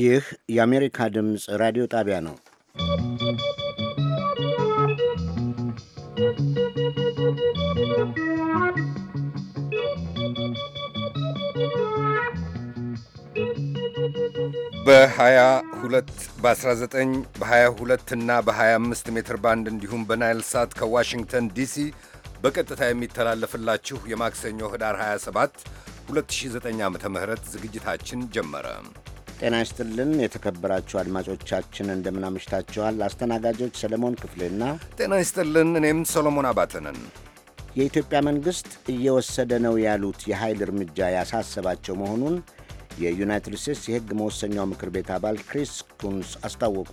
ይህ የአሜሪካ ድምፅ ራዲዮ ጣቢያ ነው። በ22 በ19 በ22 እና በ25 ሜትር ባንድ እንዲሁም በናይል ሳት ከዋሽንግተን ዲሲ በቀጥታ የሚተላለፍላችሁ የማክሰኞ ህዳር 27 2009 ዓ ም ዝግጅታችን ጀመረ። ጤና ይስጥልን የተከበራችሁ አድማጮቻችን እንደምናምሽታችኋል። አስተናጋጆች ሰለሞን ክፍሌና ጤና ይስጥልን እኔም ሰሎሞን አባተንን የኢትዮጵያ መንግሥት እየወሰደ ነው ያሉት የኃይል እርምጃ ያሳሰባቸው መሆኑን የዩናይትድ ስቴትስ የሕግ መወሰኛው ምክር ቤት አባል ክሪስ ኩንስ አስታወቁ።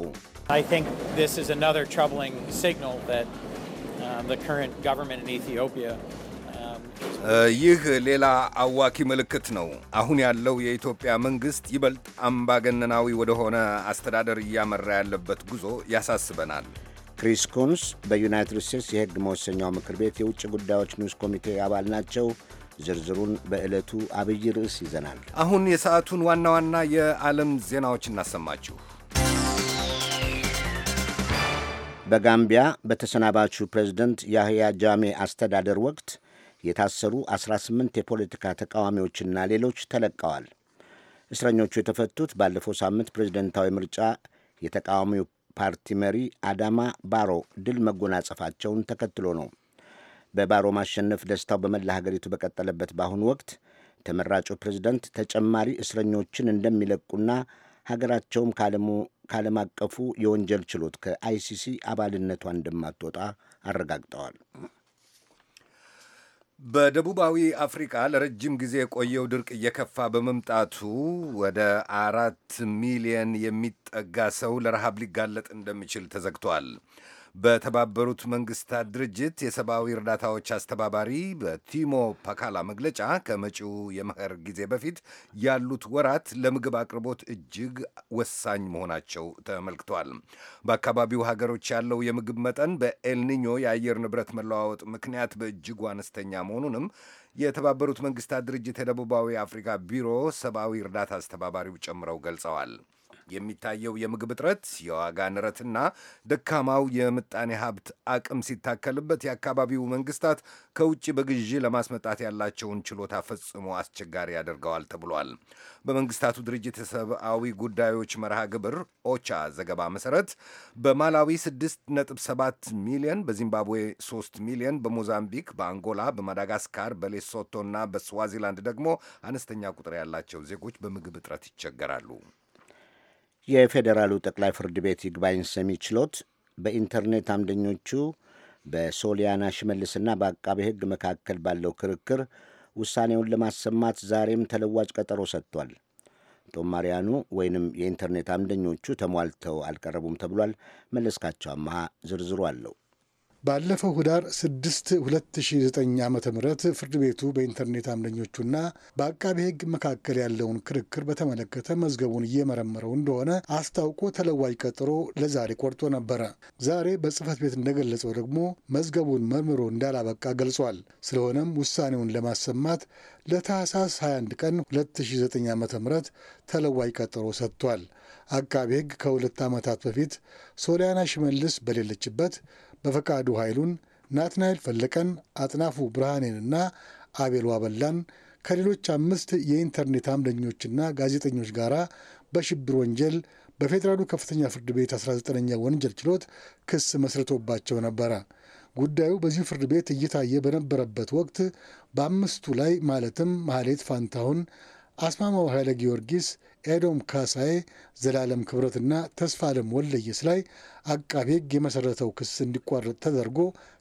ይህ ሌላ አዋኪ ምልክት ነው። አሁን ያለው የኢትዮጵያ መንግስት ይበልጥ አምባገነናዊ ወደሆነ አስተዳደር እያመራ ያለበት ጉዞ ያሳስበናል። ክሪስ ኩንስ በዩናይትድ ስቴትስ የሕግ መወሰኛው ምክር ቤት የውጭ ጉዳዮች ንዑስ ኮሚቴ አባል ናቸው። ዝርዝሩን በዕለቱ አብይ ርዕስ ይዘናል። አሁን የሰዓቱን ዋና ዋና የዓለም ዜናዎች እናሰማችሁ። በጋምቢያ በተሰናባቹ ፕሬዝደንት ያህያ ጃሜ አስተዳደር ወቅት የታሰሩ 18 የፖለቲካ ተቃዋሚዎችና ሌሎች ተለቀዋል። እስረኞቹ የተፈቱት ባለፈው ሳምንት ፕሬዝደንታዊ ምርጫ የተቃዋሚው ፓርቲ መሪ አዳማ ባሮ ድል መጎናጸፋቸውን ተከትሎ ነው። በባሮ ማሸነፍ ደስታው በመላ ሀገሪቱ በቀጠለበት በአሁኑ ወቅት ተመራጩ ፕሬዝደንት ተጨማሪ እስረኞችን እንደሚለቁና ሀገራቸውም ከዓለም አቀፉ የወንጀል ችሎት ከአይሲሲ አባልነቷ እንደማትወጣ አረጋግጠዋል። በደቡባዊ አፍሪካ ለረጅም ጊዜ የቆየው ድርቅ እየከፋ በመምጣቱ ወደ አራት ሚሊየን የሚጠጋ ሰው ለረሃብ ሊጋለጥ እንደሚችል ተዘግቷል። በተባበሩት መንግስታት ድርጅት የሰብአዊ እርዳታዎች አስተባባሪ በቲሞ ፓካላ መግለጫ ከመጪው የመኸር ጊዜ በፊት ያሉት ወራት ለምግብ አቅርቦት እጅግ ወሳኝ መሆናቸው ተመልክቷል። በአካባቢው ሀገሮች ያለው የምግብ መጠን በኤልኒኞ የአየር ንብረት መለዋወጥ ምክንያት በእጅጉ አነስተኛ መሆኑንም የተባበሩት መንግስታት ድርጅት የደቡባዊ አፍሪካ ቢሮ ሰብአዊ እርዳታ አስተባባሪው ጨምረው ገልጸዋል። የሚታየው የምግብ እጥረት፣ የዋጋ ንረትና ደካማው የምጣኔ ሀብት አቅም ሲታከልበት የአካባቢው መንግስታት ከውጭ በግዢ ለማስመጣት ያላቸውን ችሎታ ፈጽሞ አስቸጋሪ ያደርገዋል ተብሏል። በመንግስታቱ ድርጅት የሰብአዊ ጉዳዮች መርሃ ግብር ኦቻ ዘገባ መሰረት በማላዊ 6.7 ሚሊዮን፣ በዚምባብዌ 3 ሚሊዮን፣ በሞዛምቢክ፣ በአንጎላ፣ በማዳጋስካር፣ በሌሶቶ እና በስዋዚላንድ ደግሞ አነስተኛ ቁጥር ያላቸው ዜጎች በምግብ እጥረት ይቸገራሉ። የፌዴራሉ ጠቅላይ ፍርድ ቤት ይግባኝ ሰሚ ችሎት በኢንተርኔት አምደኞቹ በሶሊያና ሽመልስና በአቃቤ ሕግ መካከል ባለው ክርክር ውሳኔውን ለማሰማት ዛሬም ተለዋጭ ቀጠሮ ሰጥቷል። ጦማሪያኑ ወይንም የኢንተርኔት አምደኞቹ ተሟልተው አልቀረቡም ተብሏል። መለስካቸው አመሃ ዝርዝሩ አለው። ባለፈው ህዳር 6 2009 ዓ ም ፍርድ ቤቱ በኢንተርኔት አምደኞቹና በአቃቢ ህግ መካከል ያለውን ክርክር በተመለከተ መዝገቡን እየመረመረው እንደሆነ አስታውቆ ተለዋጅ ቀጠሮ ለዛሬ ቆርጦ ነበረ። ዛሬ በጽህፈት ቤት እንደገለጸው ደግሞ መዝገቡን መርምሮ እንዳላበቃ ገልጿል። ስለሆነም ውሳኔውን ለማሰማት ለታህሳስ 21 ቀን 2009 ዓ ም ተለዋጅ ቀጠሮ ሰጥቷል። አቃቤ ሕግ ከሁለት ዓመታት በፊት ሶሊያና ሽመልስ በሌለችበት በፈቃዱ ኃይሉን፣ ናትናኤል ፈለቀን፣ አጥናፉ ብርሃኔንና አቤል ዋበላን ከሌሎች አምስት የኢንተርኔት አምደኞችና ጋዜጠኞች ጋር በሽብር ወንጀል በፌዴራሉ ከፍተኛ ፍርድ ቤት 19ኛ ወንጀል ችሎት ክስ መስርቶባቸው ነበረ። ጉዳዩ በዚሁ ፍርድ ቤት እየታየ በነበረበት ወቅት በአምስቱ ላይ ማለትም ማህሌት ፋንታሁን፣ አስማማው ኃይለ ጊዮርጊስ፣ ኤዶም ካሳዬ፣ ዘላለም ክብረትና ተስፋ አለም ወለየስ ላይ አቃቢ ሕግ የመሰረተው ክስ እንዲቋረጥ ተደርጎ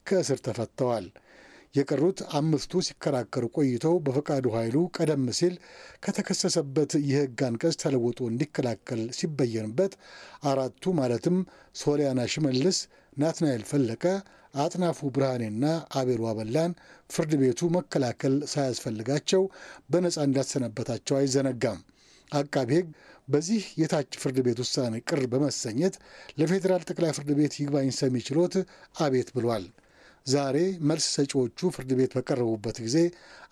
ከእስር ተፈተዋል። የቀሩት አምስቱ ሲከራከሩ ቆይተው በፈቃዱ ኃይሉ ቀደም ሲል ከተከሰሰበት የሕግ አንቀጽ ተለውጦ እንዲከላከል ሲበየንበት አራቱ ማለትም ሶሊያና ሽመልስ፣ ናትናኤል ፈለቀ፣ አጥናፉ ብርሃኔና አቤል ዋበላን ፍርድ ቤቱ መከላከል ሳያስፈልጋቸው በነፃ እንዳሰነበታቸው አይዘነጋም። አቃቢ ሕግ በዚህ የታች ፍርድ ቤት ውሳኔ ቅር በመሰኘት ለፌዴራል ጠቅላይ ፍርድ ቤት ይግባኝ ሰሚ ችሎት አቤት ብሏል። ዛሬ መልስ ሰጪዎቹ ፍርድ ቤት በቀረቡበት ጊዜ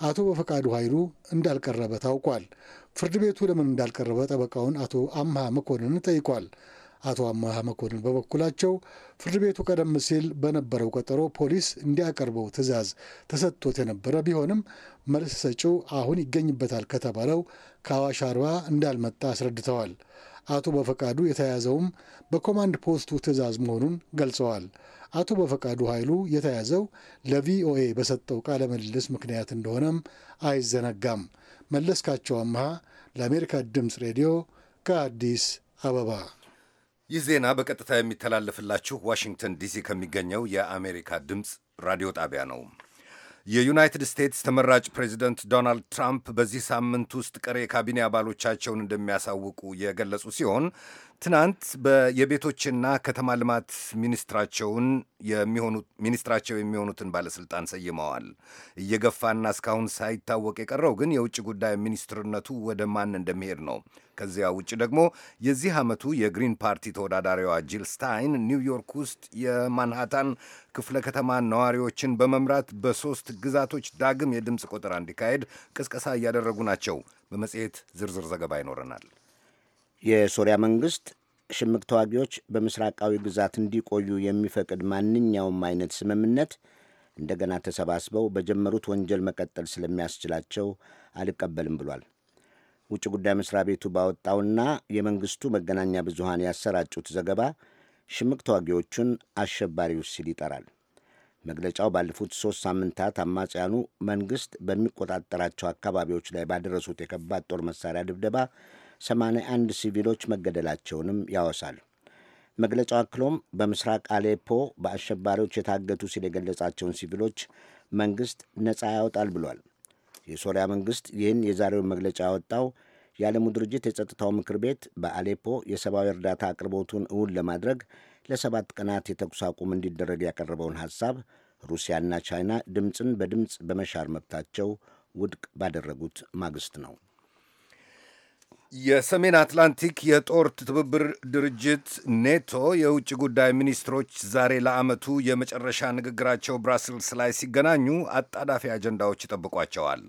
አቶ በፈቃዱ ኃይሉ እንዳልቀረበ ታውቋል። ፍርድ ቤቱ ለምን እንዳልቀረበ ጠበቃውን አቶ አምሃ መኮንን ጠይቋል። አቶ አማሃ መኮንን በበኩላቸው ፍርድ ቤቱ ቀደም ሲል በነበረው ቀጠሮ ፖሊስ እንዲያቀርበው ትዕዛዝ ተሰጥቶት የነበረ ቢሆንም መልስ ሰጪው አሁን ይገኝበታል ከተባለው ከአዋሽ አርባ እንዳልመጣ አስረድተዋል። አቶ በፈቃዱ የተያዘውም በኮማንድ ፖስቱ ትዕዛዝ መሆኑን ገልጸዋል። አቶ በፈቃዱ ኃይሉ የተያዘው ለቪኦኤ በሰጠው ቃለ ምልልስ ምክንያት እንደሆነም አይዘነጋም። መለስካቸው አምሃ ለአሜሪካ ድምፅ ሬዲዮ ከአዲስ አበባ ይህ ዜና በቀጥታ የሚተላለፍላችሁ ዋሽንግተን ዲሲ ከሚገኘው የአሜሪካ ድምፅ ራዲዮ ጣቢያ ነው። የዩናይትድ ስቴትስ ተመራጭ ፕሬዚደንት ዶናልድ ትራምፕ በዚህ ሳምንት ውስጥ ቀሪ የካቢኔ አባሎቻቸውን እንደሚያሳውቁ የገለጹ ሲሆን ትናንት የቤቶችና ከተማ ልማት ሚኒስትራቸውን ሚኒስትራቸው የሚሆኑትን ባለስልጣን ሰይመዋል። እየገፋና እስካሁን ሳይታወቅ የቀረው ግን የውጭ ጉዳይ ሚኒስትርነቱ ወደ ማን እንደሚሄድ ነው። ከዚያ ውጭ ደግሞ የዚህ ዓመቱ የግሪን ፓርቲ ተወዳዳሪዋ ጂል ስታይን ኒውዮርክ ውስጥ የማንሃታን ክፍለ ከተማ ነዋሪዎችን በመምራት በሦስት ግዛቶች ዳግም የድምፅ ቆጠራ እንዲካሄድ ቅስቀሳ እያደረጉ ናቸው። በመጽሔት ዝርዝር ዘገባ ይኖረናል። የሶሪያ መንግስት ሽምቅ ተዋጊዎች በምስራቃዊ ግዛት እንዲቆዩ የሚፈቅድ ማንኛውም አይነት ስምምነት እንደገና ተሰባስበው በጀመሩት ወንጀል መቀጠል ስለሚያስችላቸው አልቀበልም ብሏል። ውጭ ጉዳይ መስሪያ ቤቱ ባወጣውና የመንግስቱ መገናኛ ብዙሃን ያሰራጩት ዘገባ ሽምቅ ተዋጊዎቹን አሸባሪዎች ሲል ይጠራል። መግለጫው ባለፉት ሦስት ሳምንታት አማጽያኑ መንግሥት በሚቆጣጠራቸው አካባቢዎች ላይ ባደረሱት የከባድ ጦር መሳሪያ ድብደባ 81 ሲቪሎች መገደላቸውንም ያወሳል። መግለጫው አክሎም በምስራቅ አሌፖ በአሸባሪዎች የታገቱ ሲል የገለጻቸውን ሲቪሎች መንግሥት ነፃ ያወጣል ብሏል። የሶሪያ መንግሥት ይህን የዛሬውን መግለጫ ያወጣው የዓለሙ ድርጅት የጸጥታው ምክር ቤት በአሌፖ የሰብአዊ እርዳታ አቅርቦቱን እውን ለማድረግ ለሰባት ቀናት የተኩስ አቁም እንዲደረግ ያቀረበውን ሐሳብ ሩሲያና ቻይና ድምፅን በድምፅ በመሻር መብታቸው ውድቅ ባደረጉት ማግስት ነው። የሰሜን አትላንቲክ የጦር ትብብር ድርጅት ኔቶ የውጭ ጉዳይ ሚኒስትሮች ዛሬ ለዓመቱ የመጨረሻ ንግግራቸው ብራስልስ ላይ ሲገናኙ አጣዳፊ አጀንዳዎች ይጠብቋቸዋል።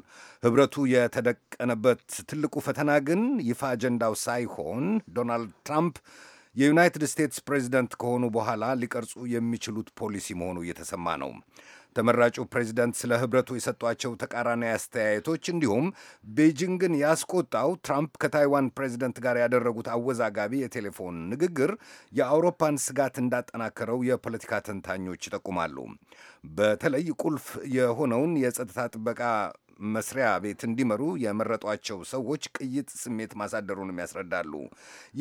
ህብረቱ የተደቀነበት ትልቁ ፈተና ግን ይፋ አጀንዳው ሳይሆን ዶናልድ ትራምፕ የዩናይትድ ስቴትስ ፕሬዚደንት ከሆኑ በኋላ ሊቀርጹ የሚችሉት ፖሊሲ መሆኑ እየተሰማ ነው። ተመራጩ ፕሬዚደንት ስለ ህብረቱ የሰጧቸው ተቃራኒ አስተያየቶች እንዲሁም ቤጂንግን ያስቆጣው ትራምፕ ከታይዋን ፕሬዚደንት ጋር ያደረጉት አወዛጋቢ የቴሌፎን ንግግር የአውሮፓን ስጋት እንዳጠናከረው የፖለቲካ ተንታኞች ይጠቁማሉ። በተለይ ቁልፍ የሆነውን የጸጥታ ጥበቃ መስሪያ ቤት እንዲመሩ የመረጧቸው ሰዎች ቅይጥ ስሜት ማሳደሩንም ያስረዳሉ።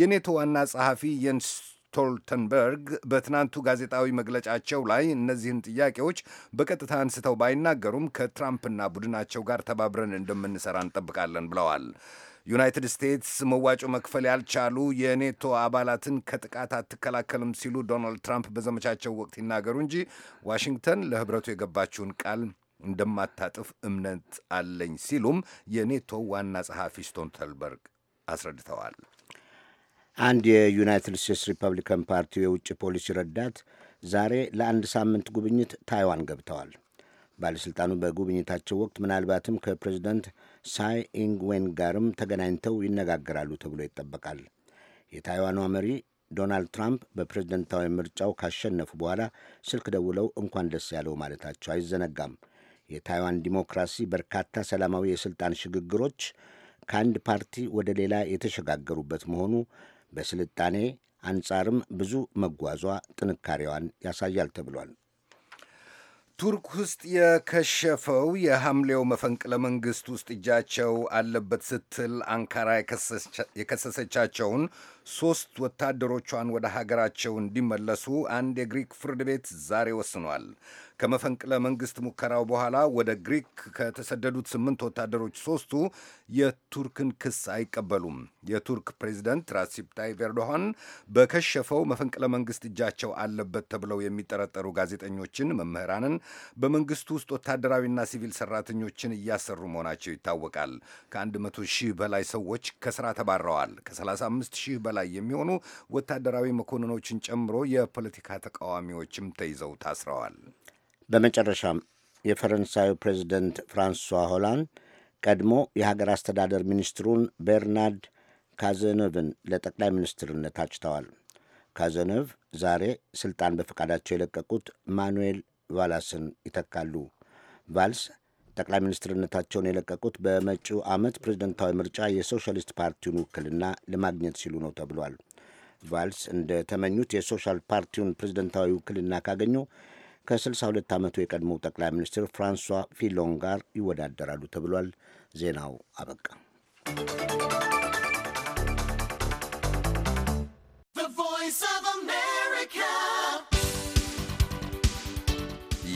የኔቶ ዋና ጸሐፊ የንስ ስቶልተንበርግ በትናንቱ ጋዜጣዊ መግለጫቸው ላይ እነዚህን ጥያቄዎች በቀጥታ አንስተው ባይናገሩም ከትራምፕና ቡድናቸው ጋር ተባብረን እንደምንሰራ እንጠብቃለን ብለዋል። ዩናይትድ ስቴትስ መዋጮ መክፈል ያልቻሉ የኔቶ አባላትን ከጥቃት አትከላከልም ሲሉ ዶናልድ ትራምፕ በዘመቻቸው ወቅት ይናገሩ እንጂ ዋሽንግተን ለህብረቱ የገባችውን ቃል እንደማታጥፍ እምነት አለኝ ሲሉም የኔቶ ዋና ጸሐፊ ስቶልተንበርግ አስረድተዋል። አንድ የዩናይትድ ስቴትስ ሪፐብሊካን ፓርቲ የውጭ ፖሊሲ ረዳት ዛሬ ለአንድ ሳምንት ጉብኝት ታይዋን ገብተዋል። ባለሥልጣኑ በጉብኝታቸው ወቅት ምናልባትም ከፕሬዚደንት ሳይ ኢንግዌን ጋርም ተገናኝተው ይነጋገራሉ ተብሎ ይጠበቃል። የታይዋኗ መሪ ዶናልድ ትራምፕ በፕሬዝደንታዊ ምርጫው ካሸነፉ በኋላ ስልክ ደውለው እንኳን ደስ ያለው ማለታቸው አይዘነጋም። የታይዋን ዲሞክራሲ በርካታ ሰላማዊ የሥልጣን ሽግግሮች ከአንድ ፓርቲ ወደ ሌላ የተሸጋገሩበት መሆኑ በስልጣኔ አንጻርም ብዙ መጓዟ ጥንካሬዋን ያሳያል ተብሏል። ቱርክ ውስጥ የከሸፈው የሐምሌው መፈንቅለ መንግሥት ውስጥ እጃቸው አለበት ስትል አንካራ የከሰሰቻቸውን ሦስት ወታደሮቿን ወደ ሀገራቸው እንዲመለሱ አንድ የግሪክ ፍርድ ቤት ዛሬ ወስኗል። ከመፈንቅለ መንግሥት ሙከራው በኋላ ወደ ግሪክ ከተሰደዱት ስምንት ወታደሮች ሦስቱ የቱርክን ክስ አይቀበሉም። የቱርክ ፕሬዚደንት ራሲፕ ታይፕ ኤርዶሃን በከሸፈው መፈንቅለ መንግሥት እጃቸው አለበት ተብለው የሚጠረጠሩ ጋዜጠኞችን፣ መምህራንን፣ በመንግሥቱ ውስጥ ወታደራዊና ሲቪል ሠራተኞችን እያሰሩ መሆናቸው ይታወቃል። ከ መቶ ሺህ በላይ ሰዎች ከሥራ ተባረዋል። ከ35 ሺህ በላይ የሚሆኑ ወታደራዊ መኮንኖችን ጨምሮ የፖለቲካ ተቃዋሚዎችም ተይዘው ታስረዋል። በመጨረሻም የፈረንሳዩ ፕሬዚደንት ፍራንሷ ሆላንድ ቀድሞ የሀገር አስተዳደር ሚኒስትሩን ቤርናርድ ካዘኖቭን ለጠቅላይ ሚኒስትርነት አጭተዋል። ካዘኖቭ ዛሬ ስልጣን በፈቃዳቸው የለቀቁት ማኑኤል ቫላስን ይተካሉ። ቫልስ ጠቅላይ ሚኒስትርነታቸውን የለቀቁት በመጪው ዓመት ፕሬዝደንታዊ ምርጫ የሶሻሊስት ፓርቲውን ውክልና ለማግኘት ሲሉ ነው ተብሏል። ቫልስ እንደተመኙት የሶሻል ፓርቲውን ፕሬዝደንታዊ ውክልና ካገኙ ከ62 ዓመቱ የቀድሞው ጠቅላይ ሚኒስትር ፍራንሷ ፊሎን ጋር ይወዳደራሉ ተብሏል። ዜናው አበቃ።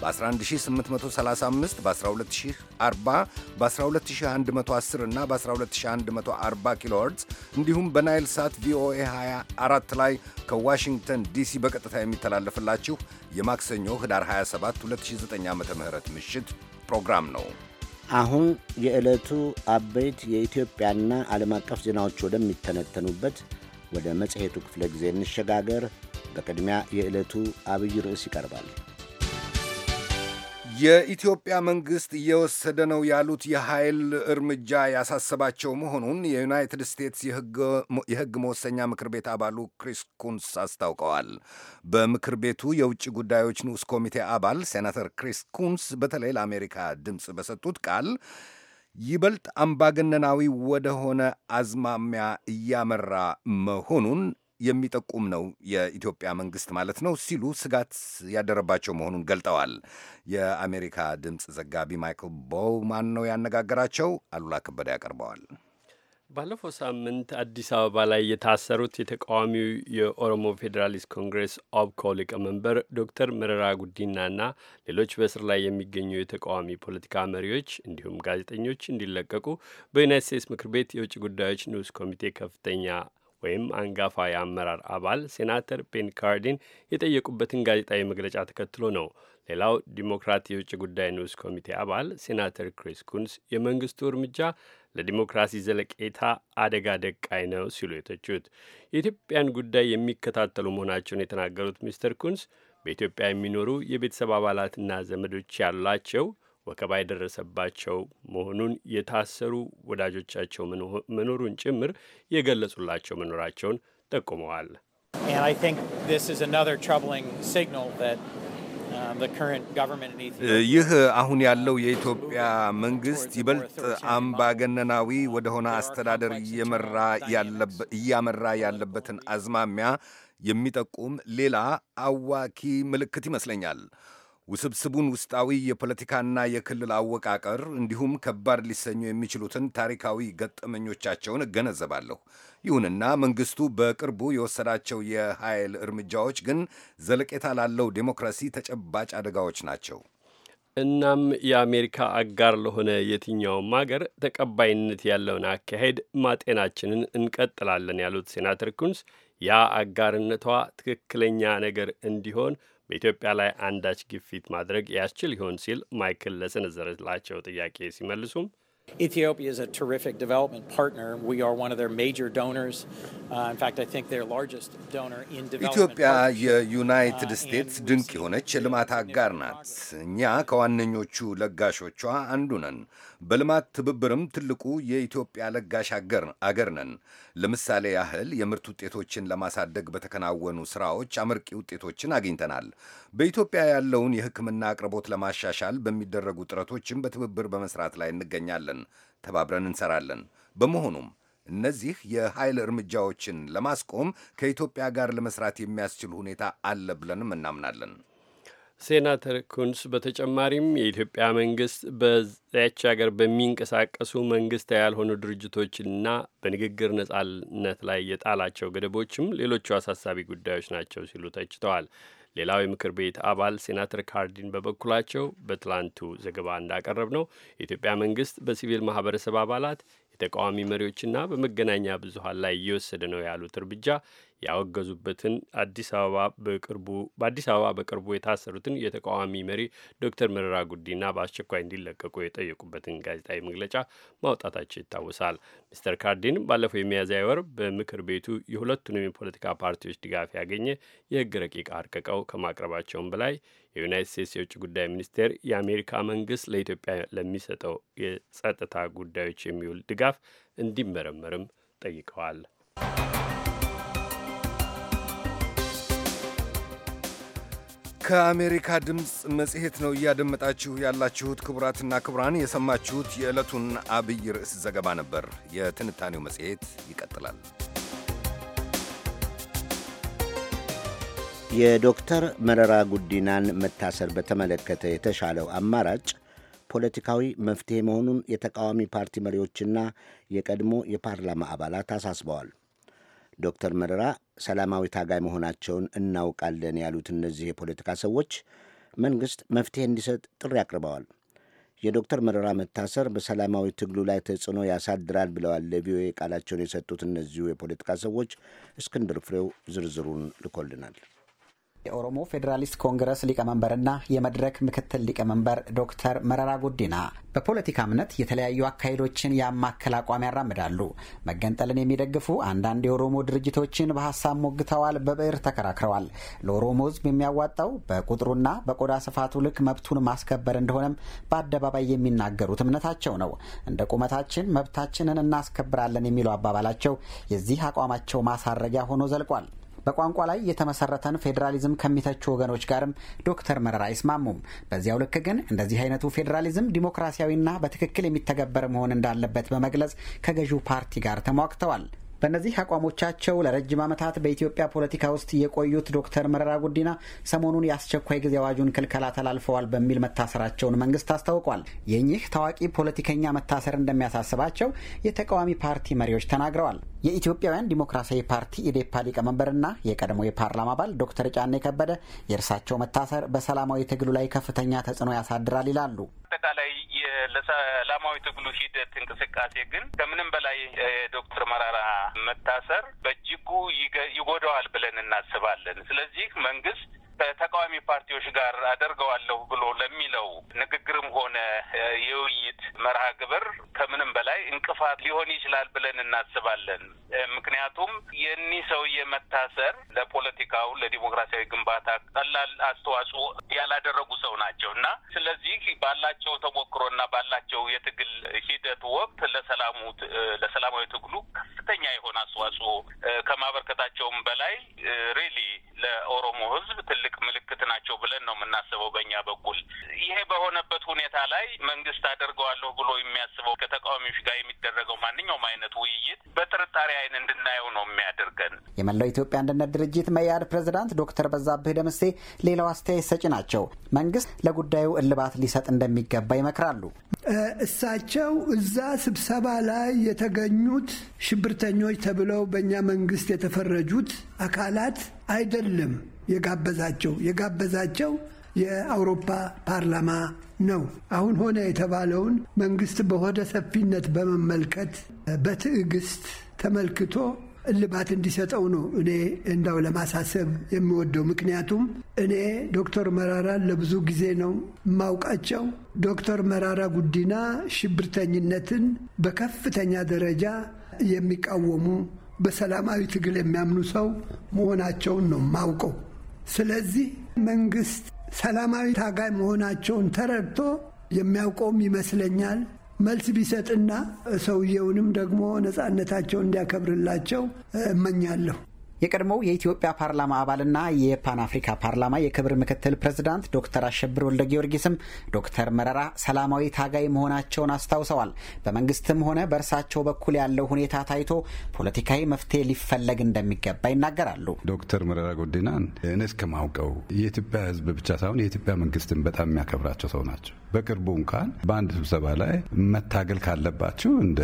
በ11835 በ12040 በ12110 እና በ12140 ኪሎ ሄርትዝ እንዲሁም በናይል ሳት ቪኦኤ 24 ላይ ከዋሽንግተን ዲሲ በቀጥታ የሚተላለፍላችሁ የማክሰኞ ህዳር 27 2009 ዓ ም ምሽት ፕሮግራም ነው። አሁን የዕለቱ አበይት የኢትዮጵያና ዓለም አቀፍ ዜናዎች ወደሚተነተኑበት ወደ መጽሔቱ ክፍለ ጊዜ እንሸጋገር። በቅድሚያ የዕለቱ አብይ ርዕስ ይቀርባል። የኢትዮጵያ መንግስት እየወሰደ ነው ያሉት የኃይል እርምጃ ያሳሰባቸው መሆኑን የዩናይትድ ስቴትስ የህግ መወሰኛ ምክር ቤት አባሉ ክሪስ ኩንስ አስታውቀዋል። በምክር ቤቱ የውጭ ጉዳዮች ንዑስ ኮሚቴ አባል ሴናተር ክሪስ ኩንስ በተለይ ለአሜሪካ ድምፅ በሰጡት ቃል ይበልጥ አምባገነናዊ ወደሆነ አዝማሚያ እያመራ መሆኑን የሚጠቁም ነው የኢትዮጵያ መንግስት ማለት ነው ሲሉ ስጋት ያደረባቸው መሆኑን ገልጠዋል። የአሜሪካ ድምፅ ዘጋቢ ማይክል ቦውማን ነው ያነጋገራቸው። አሉላ ከበደ ያቀርበዋል። ባለፈው ሳምንት አዲስ አበባ ላይ የታሰሩት የተቃዋሚው የኦሮሞ ፌዴራሊስት ኮንግሬስ ኦብኮ ሊቀመንበር ዶክተር መረራ ጉዲናና ሌሎች በእስር ላይ የሚገኙ የተቃዋሚ ፖለቲካ መሪዎች እንዲሁም ጋዜጠኞች እንዲለቀቁ በዩናይት ስቴትስ ምክር ቤት የውጭ ጉዳዮች ንዑስ ኮሚቴ ከፍተኛ ወይም አንጋፋ የአመራር አባል ሴናተር ቤን ካርዲን የጠየቁበትን ጋዜጣዊ መግለጫ ተከትሎ ነው። ሌላው ዲሞክራት የውጭ ጉዳይ ንዑስ ኮሚቴ አባል ሴናተር ክሪስ ኩንስ የመንግስቱ እርምጃ ለዲሞክራሲ ዘለቄታ አደጋ ደቃይ ነው ሲሉ የተቹት የኢትዮጵያን ጉዳይ የሚከታተሉ መሆናቸውን የተናገሩት ሚስተር ኩንስ በኢትዮጵያ የሚኖሩ የቤተሰብ አባላትና ዘመዶች ያሏቸው ወከባ የደረሰባቸው መሆኑን የታሰሩ ወዳጆቻቸው መኖሩን ጭምር የገለጹላቸው መኖራቸውን ጠቁመዋል። uh, uh, ይህ አሁን ያለው የኢትዮጵያ መንግስት ይበልጥ አምባገነናዊ ወደሆነ አስተዳደር እያመራ ያለበትን አዝማሚያ የሚጠቁም ሌላ አዋኪ ምልክት ይመስለኛል። ውስብስቡን ውስጣዊ የፖለቲካና የክልል አወቃቀር እንዲሁም ከባድ ሊሰኙ የሚችሉትን ታሪካዊ ገጠመኞቻቸውን እገነዘባለሁ። ይሁንና መንግስቱ በቅርቡ የወሰዳቸው የኃይል እርምጃዎች ግን ዘለቄታ ላለው ዴሞክራሲ ተጨባጭ አደጋዎች ናቸው። እናም የአሜሪካ አጋር ለሆነ የትኛውም አገር ተቀባይነት ያለውን አካሄድ ማጤናችንን እንቀጥላለን ያሉት ሴናተር ኩንስ ያ አጋርነቷ ትክክለኛ ነገር እንዲሆን በኢትዮጵያ ላይ አንዳች ግፊት ማድረግ ያስችል ይሆን ሲል ማይክል ለሰነዘረላቸው ጥያቄ ሲመልሱም ኢትዮጵያ የዩናይትድ ስቴትስ ድንቅ የሆነች የልማት አጋር ናት። እኛ ከዋነኞቹ ለጋሾቿ አንዱ ነን። በልማት ትብብርም ትልቁ የኢትዮጵያ ለጋሽ አገር ነን። ለምሳሌ ያህል የምርት ውጤቶችን ለማሳደግ በተከናወኑ ስራዎች አመርቂ ውጤቶችን አግኝተናል። በኢትዮጵያ ያለውን የሕክምና አቅርቦት ለማሻሻል በሚደረጉ ጥረቶችም በትብብር በመስራት ላይ እንገኛለን። ተባብረን እንሰራለን። በመሆኑም እነዚህ የኃይል እርምጃዎችን ለማስቆም ከኢትዮጵያ ጋር ለመስራት የሚያስችል ሁኔታ አለ ብለንም እናምናለን። ሴናተር ኩንስ በተጨማሪም የኢትዮጵያ መንግስት በዚያች ሀገር በሚንቀሳቀሱ መንግስት ያልሆኑ ድርጅቶችና በንግግር ነጻነት ላይ የጣላቸው ገደቦችም ሌሎቹ አሳሳቢ ጉዳዮች ናቸው ሲሉ ተችተዋል። ሌላው የምክር ቤት አባል ሴናተር ካርዲን በበኩላቸው በትላንቱ ዘገባ እንዳቀረብ ነው የኢትዮጵያ መንግስት በሲቪል ማህበረሰብ አባላት ተቃዋሚ መሪዎችና በመገናኛ ብዙኃን ላይ እየወሰደ ነው ያሉት እርምጃ ያወገዙበትን አዲስ አበባ በቅርቡ በአዲስ አበባ በቅርቡ የታሰሩትን የተቃዋሚ መሪ ዶክተር መረራ ጉዲና በአስቸኳይ እንዲለቀቁ የጠየቁበትን ጋዜጣዊ መግለጫ ማውጣታቸው ይታወሳል። ሚስተር ካርዲን ባለፈው የሚያዝያ ወር በምክር ቤቱ የሁለቱንም የፖለቲካ ፓርቲዎች ድጋፍ ያገኘ የህግ ረቂቅ አርቅቀው ከማቅረባቸውም በላይ የዩናይት ስቴትስ የውጭ ጉዳይ ሚኒስቴር የአሜሪካ መንግስት ለኢትዮጵያ ለሚሰጠው የጸጥታ ጉዳዮች የሚውል ድጋፍ እንዲመረመርም ጠይቀዋል። ከአሜሪካ ድምፅ መጽሔት ነው እያደመጣችሁ ያላችሁት። ክቡራትና ክቡራን የሰማችሁት የዕለቱን አብይ ርዕስ ዘገባ ነበር። የትንታኔው መጽሔት ይቀጥላል። የዶክተር መረራ ጉዲናን መታሰር በተመለከተ የተሻለው አማራጭ ፖለቲካዊ መፍትሄ መሆኑን የተቃዋሚ ፓርቲ መሪዎችና የቀድሞ የፓርላማ አባላት አሳስበዋል። ዶክተር መረራ ሰላማዊ ታጋይ መሆናቸውን እናውቃለን ያሉት እነዚህ የፖለቲካ ሰዎች መንግሥት መፍትሄ እንዲሰጥ ጥሪ አቅርበዋል። የዶክተር መረራ መታሰር በሰላማዊ ትግሉ ላይ ተጽዕኖ ያሳድራል ብለዋል ለቪኦኤ ቃላቸውን የሰጡት እነዚሁ የፖለቲካ ሰዎች። እስክንድር ፍሬው ዝርዝሩን ልኮልናል። የኦሮሞ ፌዴራሊስት ኮንግረስ ሊቀመንበርና የመድረክ ምክትል ሊቀመንበር ዶክተር መረራ ጉዲና በፖለቲካ እምነት የተለያዩ አካሄዶችን ያማከል አቋም ያራምዳሉ። መገንጠልን የሚደግፉ አንዳንድ የኦሮሞ ድርጅቶችን በሀሳብ ሞግተዋል፣ በብዕር ተከራክረዋል። ለኦሮሞ ሕዝብ የሚያዋጣው በቁጥሩና በቆዳ ስፋቱ ልክ መብቱን ማስከበር እንደሆነም በአደባባይ የሚናገሩት እምነታቸው ነው። እንደ ቁመታችን መብታችንን እናስከብራለን የሚለው አባባላቸው የዚህ አቋማቸው ማሳረጊያ ሆኖ ዘልቋል። በቋንቋ ላይ የተመሰረተን ፌዴራሊዝም ከሚተቹ ወገኖች ጋርም ዶክተር መረራ አይስማሙም። በዚያው ልክ ግን እንደዚህ አይነቱ ፌዴራሊዝም ዲሞክራሲያዊና በትክክል የሚተገበር መሆን እንዳለበት በመግለጽ ከገዢው ፓርቲ ጋር ተሟግተዋል። በእነዚህ አቋሞቻቸው ለረጅም ዓመታት በኢትዮጵያ ፖለቲካ ውስጥ የቆዩት ዶክተር መረራ ጉዲና ሰሞኑን የአስቸኳይ ጊዜ አዋጁን ክልከላ ተላልፈዋል በሚል መታሰራቸውን መንግስት አስታውቋል። የኚህ ታዋቂ ፖለቲከኛ መታሰር እንደሚያሳስባቸው የተቃዋሚ ፓርቲ መሪዎች ተናግረዋል። የኢትዮጵያውያን ዲሞክራሲያዊ ፓርቲ ኢዴፓ ሊቀመንበርና የቀድሞ የፓርላማ አባል ዶክተር ጫኔ ከበደ የእርሳቸው መታሰር በሰላማዊ ትግሉ ላይ ከፍተኛ ተጽዕኖ ያሳድራል ይላሉ። አጠቃላይ ለሰላማዊ ትግሉ ሂደት እንቅስቃሴ ግን ከምንም በላይ የዶክተር መራራ መታሰር በእጅጉ ይጎዳዋል ብለን እናስባለን። ስለዚህ መንግስት ከተቃዋሚ ፓርቲዎች ጋር አደርገዋለሁ ብሎ ለሚለው ንግግርም ሆነ የውይይት መርሃ ግብር ከምንም በላይ እንቅፋት ሊሆን ይችላል ብለን እናስባለን። ምክንያቱም የኒህ ሰውዬ መታሰር ለፖለቲካው፣ ለዲሞክራሲያዊ ግንባታ ቀላል አስተዋጽኦ ያላደረጉ ሰው ናቸው እና ስለዚህ ባላቸው ተሞክሮና ባላቸው የትግል ሂደት ወቅት ለሰላሙ ለሰላማዊ ትግሉ ከፍተኛ የሆነ አስተዋጽኦ ከማበርከታቸውም በላይ ሪሊ ለኦሮሞ ሕዝብ ትልቅ ትልቅ ምልክት ናቸው ብለን ነው የምናስበው በእኛ በኩል። ይሄ በሆነበት ሁኔታ ላይ መንግስት አደርገዋለሁ ብሎ የሚያስበው ከተቃዋሚዎች ጋር የሚደረገው ማንኛውም አይነት ውይይት በጥርጣሬ አይን እንድናየው ነው የሚያደርገን። የመላው ኢትዮጵያ አንድነት ድርጅት መያድ ፕሬዝዳንት ዶክተር በዛብህ ደምሴ ሌላው አስተያየት ሰጪ ናቸው። መንግስት ለጉዳዩ እልባት ሊሰጥ እንደሚገባ ይመክራሉ። እሳቸው እዛ ስብሰባ ላይ የተገኙት ሽብርተኞች ተብለው በእኛ መንግስት የተፈረጁት አካላት አይደለም የጋበዛቸው የጋበዛቸው የአውሮፓ ፓርላማ ነው። አሁን ሆነ የተባለውን መንግስት በሆደ ሰፊነት በመመልከት በትዕግስት ተመልክቶ እልባት እንዲሰጠው ነው እኔ እንዳው ለማሳሰብ የሚወደው ምክንያቱም እኔ ዶክተር መራራን ለብዙ ጊዜ ነው የማውቃቸው። ዶክተር መራራ ጉዲና ሽብርተኝነትን በከፍተኛ ደረጃ የሚቃወሙ በሰላማዊ ትግል የሚያምኑ ሰው መሆናቸውን ነው የማውቀው። ስለዚህ መንግስት ሰላማዊ ታጋይ መሆናቸውን ተረድቶ የሚያውቀውም ይመስለኛል መልስ ቢሰጥና ሰውየውንም ደግሞ ነፃነታቸውን እንዲያከብርላቸው እመኛለሁ። የቀድሞው የኢትዮጵያ ፓርላማ አባልና የፓን አፍሪካ ፓርላማ የክብር ምክትል ፕሬዝዳንት ዶክተር አሸብር ወልደ ጊዮርጊስም ዶክተር መረራ ሰላማዊ ታጋይ መሆናቸውን አስታውሰዋል። በመንግስትም ሆነ በእርሳቸው በኩል ያለው ሁኔታ ታይቶ ፖለቲካዊ መፍትሄ ሊፈለግ እንደሚገባ ይናገራሉ። ዶክተር መረራ ጉዲናን እኔ እስከማውቀው የኢትዮጵያ ሕዝብ ብቻ ሳይሆን የኢትዮጵያ መንግስትን በጣም የሚያከብራቸው ሰው ናቸው። በቅርቡ እንኳን በአንድ ስብሰባ ላይ መታገል ካለባችሁ እንደ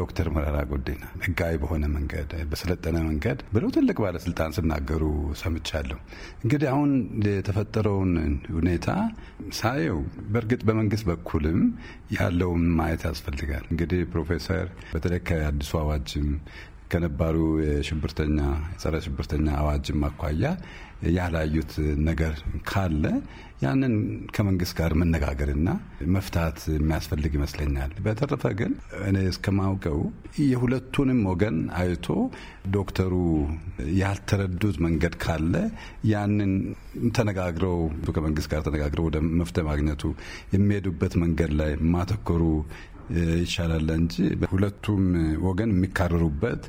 ዶክተር መረራ ጉዲና ህጋዊ በሆነ መንገድ በሰለጠነ መንገድ ብሎ ትልቅ ባለስልጣን ስናገሩ ሰምቻለሁ። እንግዲህ አሁን የተፈጠረውን ሁኔታ ሳየው በእርግጥ በመንግስት በኩልም ያለውን ማየት ያስፈልጋል። እንግዲህ ፕሮፌሰር በተለይ ከአዲሱ አዋጅም ከነባሩ የሽብርተኛ ጸረ ሽብርተኛ አዋጅም አኳያ ያላዩት ነገር ካለ ያንን ከመንግስት ጋር መነጋገርና መፍታት የሚያስፈልግ ይመስለኛል። በተረፈ ግን እኔ እስከማውቀው የሁለቱንም ወገን አይቶ ዶክተሩ ያልተረዱት መንገድ ካለ ያንን ተነጋግረው ከመንግስት ጋር ተነጋግረው ወደ መፍትሄ ማግኘቱ የሚሄዱበት መንገድ ላይ ማተኮሩ ይሻላል እንጂ ሁለቱም ወገን የሚካረሩበት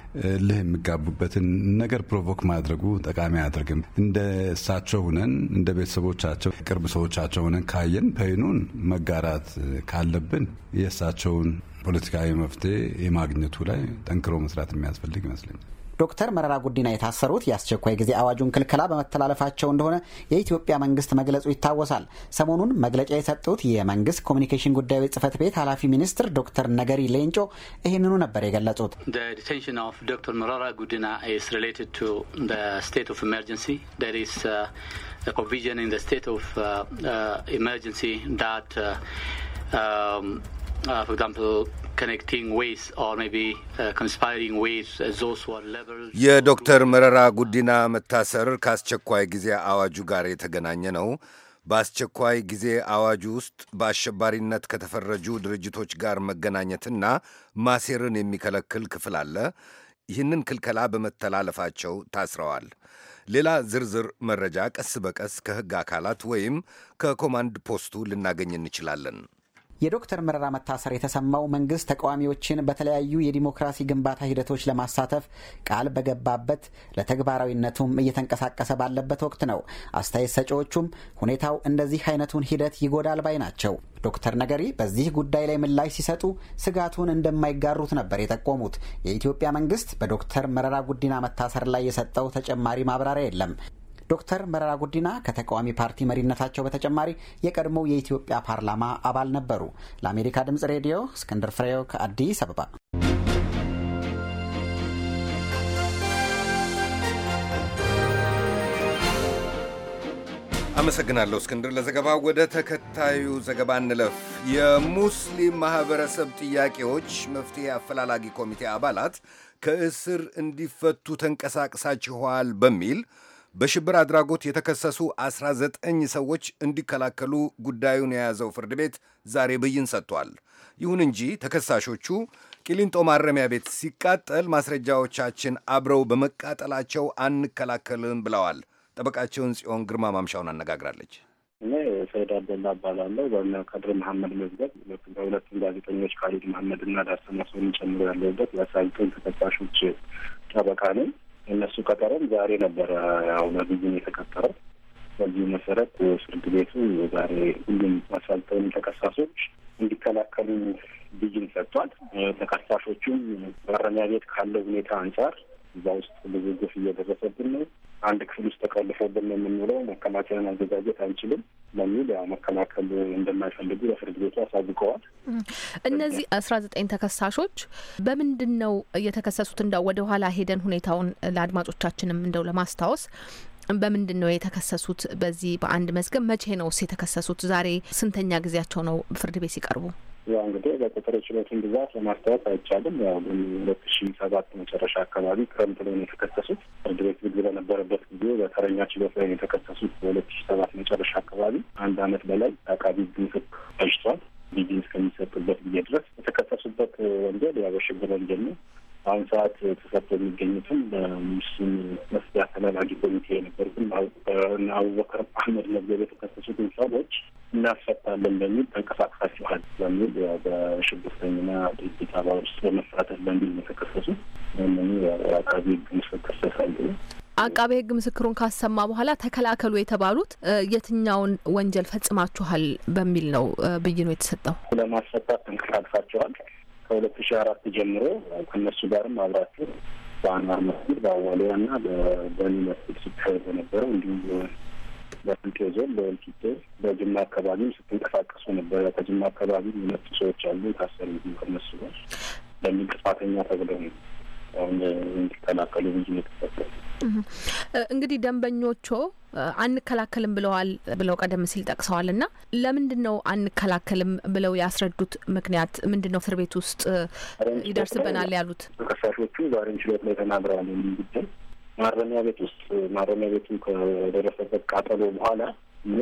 ልህ የሚጋቡበትን ነገር ፕሮቮክ ማድረጉ ጠቃሚ አያደርግም። እንደ እሳቸው ሁነን እንደ ቤተሰቦቻቸው ቅርብ ሰዎቻቸው ሁነን ካየን ፔኑን መጋራት ካለብን የእሳቸውን ፖለቲካዊ መፍትሄ የማግኘቱ ላይ ጠንክሮ መስራት የሚያስፈልግ ይመስለኛል። ዶክተር መረራ ጉዲና የታሰሩት የአስቸኳይ ጊዜ አዋጁን ክልከላ በመተላለፋቸው እንደሆነ የኢትዮጵያ መንግስት መግለጹ ይታወሳል። ሰሞኑን መግለጫ የሰጡት የመንግስት ኮሚኒኬሽን ጉዳዮች ጽህፈት ቤት ኃላፊ ሚኒስትር ዶክተር ነገሪ ሌንጮ ይህንኑ ነበር የገለጹት። ዶክተር መረራ ጉዲና is related to uh, a provision in the state of uh, uh, emergency that uh, um, Uh, uh, uh, የዶክተር መረራ ጉዲና መታሰር ከአስቸኳይ ጊዜ አዋጁ ጋር የተገናኘ ነው። በአስቸኳይ ጊዜ አዋጁ ውስጥ በአሸባሪነት ከተፈረጁ ድርጅቶች ጋር መገናኘትና ማሴርን የሚከለክል ክፍል አለ። ይህንን ክልከላ በመተላለፋቸው ታስረዋል። ሌላ ዝርዝር መረጃ ቀስ በቀስ ከሕግ አካላት ወይም ከኮማንድ ፖስቱ ልናገኝ እንችላለን። የዶክተር መረራ መታሰር የተሰማው መንግስት ተቃዋሚዎችን በተለያዩ የዲሞክራሲ ግንባታ ሂደቶች ለማሳተፍ ቃል በገባበት ለተግባራዊነቱም እየተንቀሳቀሰ ባለበት ወቅት ነው። አስተያየት ሰጪዎቹም ሁኔታው እንደዚህ አይነቱን ሂደት ይጎዳል ባይ ናቸው። ዶክተር ነገሪ በዚህ ጉዳይ ላይ ምላሽ ሲሰጡ ስጋቱን እንደማይጋሩት ነበር የጠቆሙት። የኢትዮጵያ መንግስት በዶክተር መረራ ጉዲና መታሰር ላይ የሰጠው ተጨማሪ ማብራሪያ የለም። ዶክተር መረራ ጉዲና ከተቃዋሚ ፓርቲ መሪነታቸው በተጨማሪ የቀድሞው የኢትዮጵያ ፓርላማ አባል ነበሩ። ለአሜሪካ ድምጽ ሬዲዮ እስክንድር ፍሬው ከአዲስ አበባ። አመሰግናለሁ እስክንድር ለዘገባው። ወደ ተከታዩ ዘገባ እንለፍ። የሙስሊም ማህበረሰብ ጥያቄዎች መፍትሄ አፈላላጊ ኮሚቴ አባላት ከእስር እንዲፈቱ ተንቀሳቅሳችኋል በሚል በሽብር አድራጎት የተከሰሱ 19 ሰዎች እንዲከላከሉ ጉዳዩን የያዘው ፍርድ ቤት ዛሬ ብይን ሰጥቷል። ይሁን እንጂ ተከሳሾቹ ቂሊንጦ ማረሚያ ቤት ሲቃጠል ማስረጃዎቻችን አብረው በመቃጠላቸው አንከላከልም ብለዋል። ጠበቃቸውን ጽዮን ግርማ ማምሻውን አነጋግራለች። እኔ ሰይድ አብደላ እባላለሁ። በእነ ከድር መሐመድ መዝገብ በሁለቱም ጋዜጠኞች ካሊድ መሐመድ እና ዳርሰማ ሰውን ጨምሮ ያለበት የአስራ ዘጠኝ ተከሳሾች ጠበቃ ነኝ። እነሱ ቀጠሮም ዛሬ ነበረ። ያው በጊዜ የተቀጠረው በዚሁ መሰረት ፍርድ ቤቱ ዛሬ ሁሉም አስፋልተውን ተከሳሾች እንዲከላከሉ ብይን ሰጥቷል። ተከሳሾቹም ማረሚያ ቤት ካለው ሁኔታ አንጻር እዛ ውስጥ ብዙ ግፍ እየደረሰብን ነው አንድ ክፍል ውስጥ ተቆልፎብን የምንውለው መከላከያን አዘጋጀት አንችልም በሚል ያው መከላከል እንደማይፈልጉ ለፍርድ ቤቱ አሳውቀዋል። እነዚህ አስራ ዘጠኝ ተከሳሾች በምንድን ነው የተከሰሱት? እንደው ወደ ኋላ ሄደን ሁኔታውን ለአድማጮቻችንም እንደው ለማስታወስ በምንድን ነው የተከሰሱት? በዚህ በአንድ መዝገብ መቼ ነውስ የተከሰሱት? ዛሬ ስንተኛ ጊዜያቸው ነው ፍርድ ቤት ሲቀርቡ? ያው እንግዲህ በቁጥር ችሎትን ብዛት ለማስታወቅ አይቻልም። ያው ግን ሁለት ሺ ሰባት መጨረሻ አካባቢ ክረምት ላይ የተከሰሱት። ፍርድ ቤት ግግ በነበረበት ጊዜ በተረኛ ችሎት ላይ የተከሰሱት። በሁለት ሺ ሰባት መጨረሻ አካባቢ አንድ አመት በላይ አቃቢ ግንፍቅ ተጅቷል። ቢጊን እስከሚሰጡበት ጊዜ ድረስ የተከሰሱበት ወንጀል ያው በሽብር ወንጀል ነው። በአሁኑ ሰዓት ተሰርቶ የሚገኙትም በሙስሊም መፍትሄ ተላላጊ ኮሚቴ የነበሩትም አቡበከር አህመድ መዝገብ የተከሰሱትን ሰዎች እናፈታለን በሚል ተንቀሳቅሳችኋል በሚል በሽብርተኛ ድርጅት አባል ውስጥ በመሳተፍ በሚል የተከሰሱ አቃቢ ህግ ምስክር ተከሰሳሉ። አቃቤ ህግ ምስክሩን ካሰማ በኋላ ተከላከሉ የተባሉት የትኛውን ወንጀል ፈጽማችኋል በሚል ነው ብይኑ የተሰጠው? ለማስፈታት ተንቀሳቅሳቸዋል ከሁለት ሺ አራት ጀምሮ ከእነሱ ጋርም አብራችሁ በአንዋር መስጊድ በአዋሊያ እና በበኒ መስጊድ ሲካሄድ የነበረው እንዲሁም በስልጤ ዞን በወልቂጤ በጅማ አካባቢም ስትንቀሳቀሱ ነበረ። ከጅማ አካባቢ ሁለቱ ሰዎች አሉ የታሰሩ ከነሱ ጋር ለሚል ጥፋተኛ ተብለው ነው አሁን እንዲቀላቀሉ ብዙ የተሰጠ እንግዲህ ደንበኞቹ አንከላከልም ብለዋል ብለው ቀደም ሲል ጠቅሰዋል። ና ለምንድን ነው አንከላከልም ብለው ያስረዱት ምክንያት ምንድን ነው? እስር ቤት ውስጥ ይደርስበናል ያሉት ተከሳሾቹ ዛሬም ችሎት ላይ ተናግረዋል። የሚጉዳይ ማረሚያ ቤት ውስጥ ማረሚያ ቤቱ ከደረሰበት ቃጠሎ በኋላ እኛ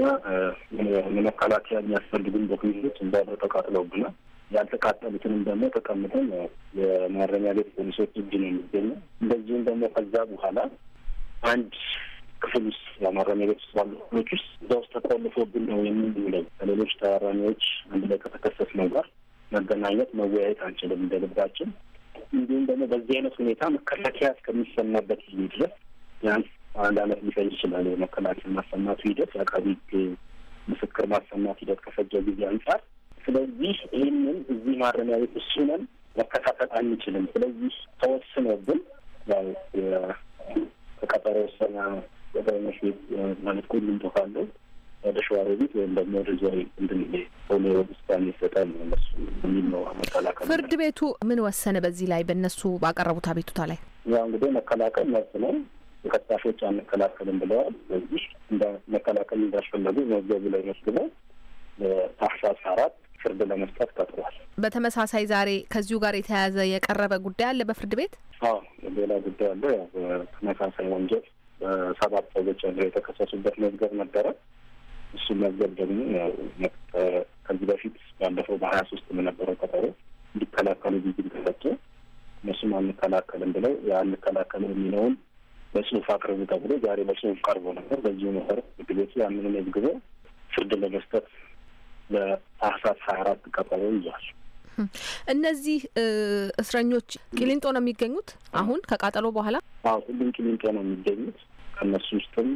መከላከያ የሚያስፈልግን ዶክሜንቶች እንዳለ ተቃጥለው ብናል ያልተቃጠሉትንም ደግሞ ተቀምጠን የማረሚያ ቤት ፖሊሶች እጅ ነው የሚገኘ። እንደዚሁም ደግሞ ከዛ በኋላ አንድ ክፍል ውስጥ ማረሚያ ቤት ውስጥ ባሉ ክፍሎች ውስጥ እዛ ውስጥ ተቆልፎብን ነው የምንውለው። ከሌሎች ታራሚዎች አንድ ላይ ከተከሰስነው ጋር መገናኘት፣ መወያየት አንችልም እንደ ልባችን። እንዲሁም ደግሞ በዚህ አይነት ሁኔታ መከላከያ እስከሚሰማበት ጊዜ ድረስ ቢያንስ አንድ አመት ሊፈጅ ይችላል። የመከላከያ ማሰማቱ ሂደት የአቃቤ ሕግ ምስክር ማሰማት ሂደት ከፈጀ ጊዜ አንጻር ስለዚህ ይህንን እዚህ ማረሚያ ቤት እሱነን መከታተል አንችልም። ስለዚህ ተወስኖብን ያው ተቀጠሮ ወሰና ወደነሽ ቤት ማለት ሁሉም ቶካለው ወደ ሸዋሮ ቤት ወይም ደግሞ ወደ ዚያ እንድንሄ ሆኖ ወደስታን ይሰጣል እነሱ የሚል ነው መከላከል። ፍርድ ቤቱ ምን ወሰነ? በዚህ ላይ በእነሱ ባቀረቡት አቤቱታ ላይ ያው እንግዲህ መከላከል መብት ነው ተከሳሾች አንከላከልም ብለዋል። ስለዚህ መከላከል እንዳስፈለጉ መዝገቡ ላይ መስግበው ታህሳስ አራት ፍርድ ለመስጠት ቀጥሯል። በተመሳሳይ ዛሬ ከዚሁ ጋር የተያያዘ የቀረበ ጉዳይ አለ በፍርድ ቤት። አዎ ሌላ ጉዳይ አለ። ያው በተመሳሳይ ወንጀል በሰባት ሰዎች ያለ የተከሰሱበት መዝገብ ነበረ። እሱ መዝገብ ደግሞ ከዚህ በፊት ባለፈው በሀያ ሶስት የነበረው ቀጠሮ እንዲከላከሉ ጊዜ ተሰጡ። እነሱም አንከላከልም ብለው አንከላከልም የሚለውን በጽሁፍ አቅርቡ ተብሎ ዛሬ በጽሁፍ ቀርቦ ነበር። በዚሁ መሰረት ፍርድ ቤቱ ያንን መዝግቦ ፍርድ ለመስጠት በታህሳስ ሀያ አራት ቀጠሮ ይዟል። እነዚህ እስረኞች ቂሊንጦ ነው የሚገኙት? አሁን ከቃጠሎ በኋላ? አዎ ሁሉም ቂሊንጦ ነው የሚገኙት። ከእነሱ ውስጥም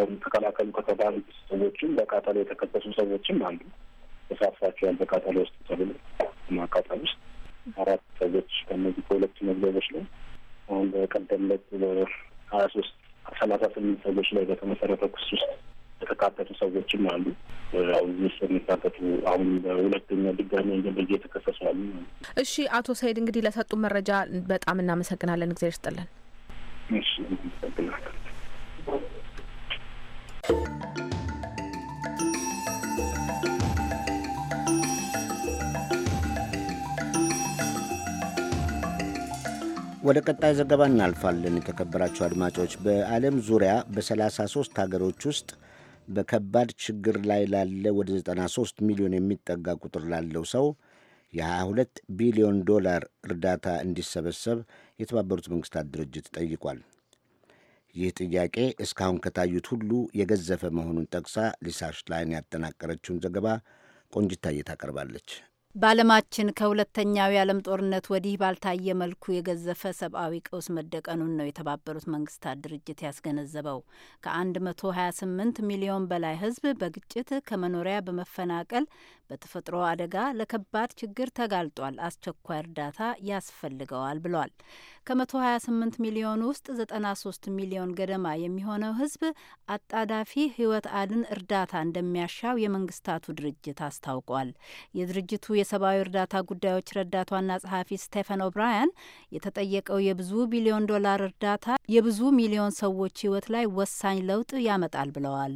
አሁን ተከላከሉ ከተባሉ ሰዎችም በቃጠሎ የተከሰሱ ሰዎችም አሉ። ተሳትፏቸዋል በቃጠሎ ውስጥ ተብሎ ማቃጠል ውስጥ አራት ሰዎች ከእነዚህ ከሁለቱ መዝገቦች ላይ አሁን በቀደም ዕለት በሀያ ሶስት ሰላሳ ስምንት ሰዎች ላይ በተመሰረተ ክስ ውስጥ የተካተቱ ሰዎችም አሉ። አሁን ውስጥ የሚካተቱ አሁን በሁለተኛ ድጋሚ ወንጀል በዚህ የተከሰሱ አሉ። እሺ፣ አቶ ሰይድ እንግዲህ ለሰጡ መረጃ በጣም እናመሰግናለን። እግዚአብሔር ይስጥልን። ወደ ቀጣይ ዘገባ እናልፋለን። የተከበራቸው አድማጮች በዓለም ዙሪያ በ33 ሀገሮች ውስጥ በከባድ ችግር ላይ ላለ ወደ 93 ሚሊዮን የሚጠጋ ቁጥር ላለው ሰው የ22 ቢሊዮን ዶላር እርዳታ እንዲሰበሰብ የተባበሩት መንግስታት ድርጅት ጠይቋል። ይህ ጥያቄ እስካሁን ከታዩት ሁሉ የገዘፈ መሆኑን ጠቅሳ ሊሳ ሽላይን ያጠናቀረችውን ዘገባ ቆንጅታ እየታቀርባለች። በዓለማችን ከሁለተኛው የዓለም ጦርነት ወዲህ ባልታየ መልኩ የገዘፈ ሰብአዊ ቀውስ መደቀኑን ነው የተባበሩት መንግስታት ድርጅት ያስገነዘበው። ከ128 ሚሊዮን በላይ ህዝብ በግጭት ከመኖሪያ በመፈናቀል በተፈጥሮ አደጋ ለከባድ ችግር ተጋልጧል፣ አስቸኳይ እርዳታ ያስፈልገዋል ብሏል። ከ128 ሚሊዮን ውስጥ 93 ሚሊዮን ገደማ የሚሆነው ሕዝብ አጣዳፊ ሕይወት አድን እርዳታ እንደሚያሻው የመንግስታቱ ድርጅት አስታውቋል። የድርጅቱ የሰብአዊ እርዳታ ጉዳዮች ረዳት ዋና ጸሐፊ ስቴፈን ኦብራያን የተጠየቀው የብዙ ቢሊዮን ዶላር እርዳታ የብዙ ሚሊዮን ሰዎች ሕይወት ላይ ወሳኝ ለውጥ ያመጣል ብለዋል።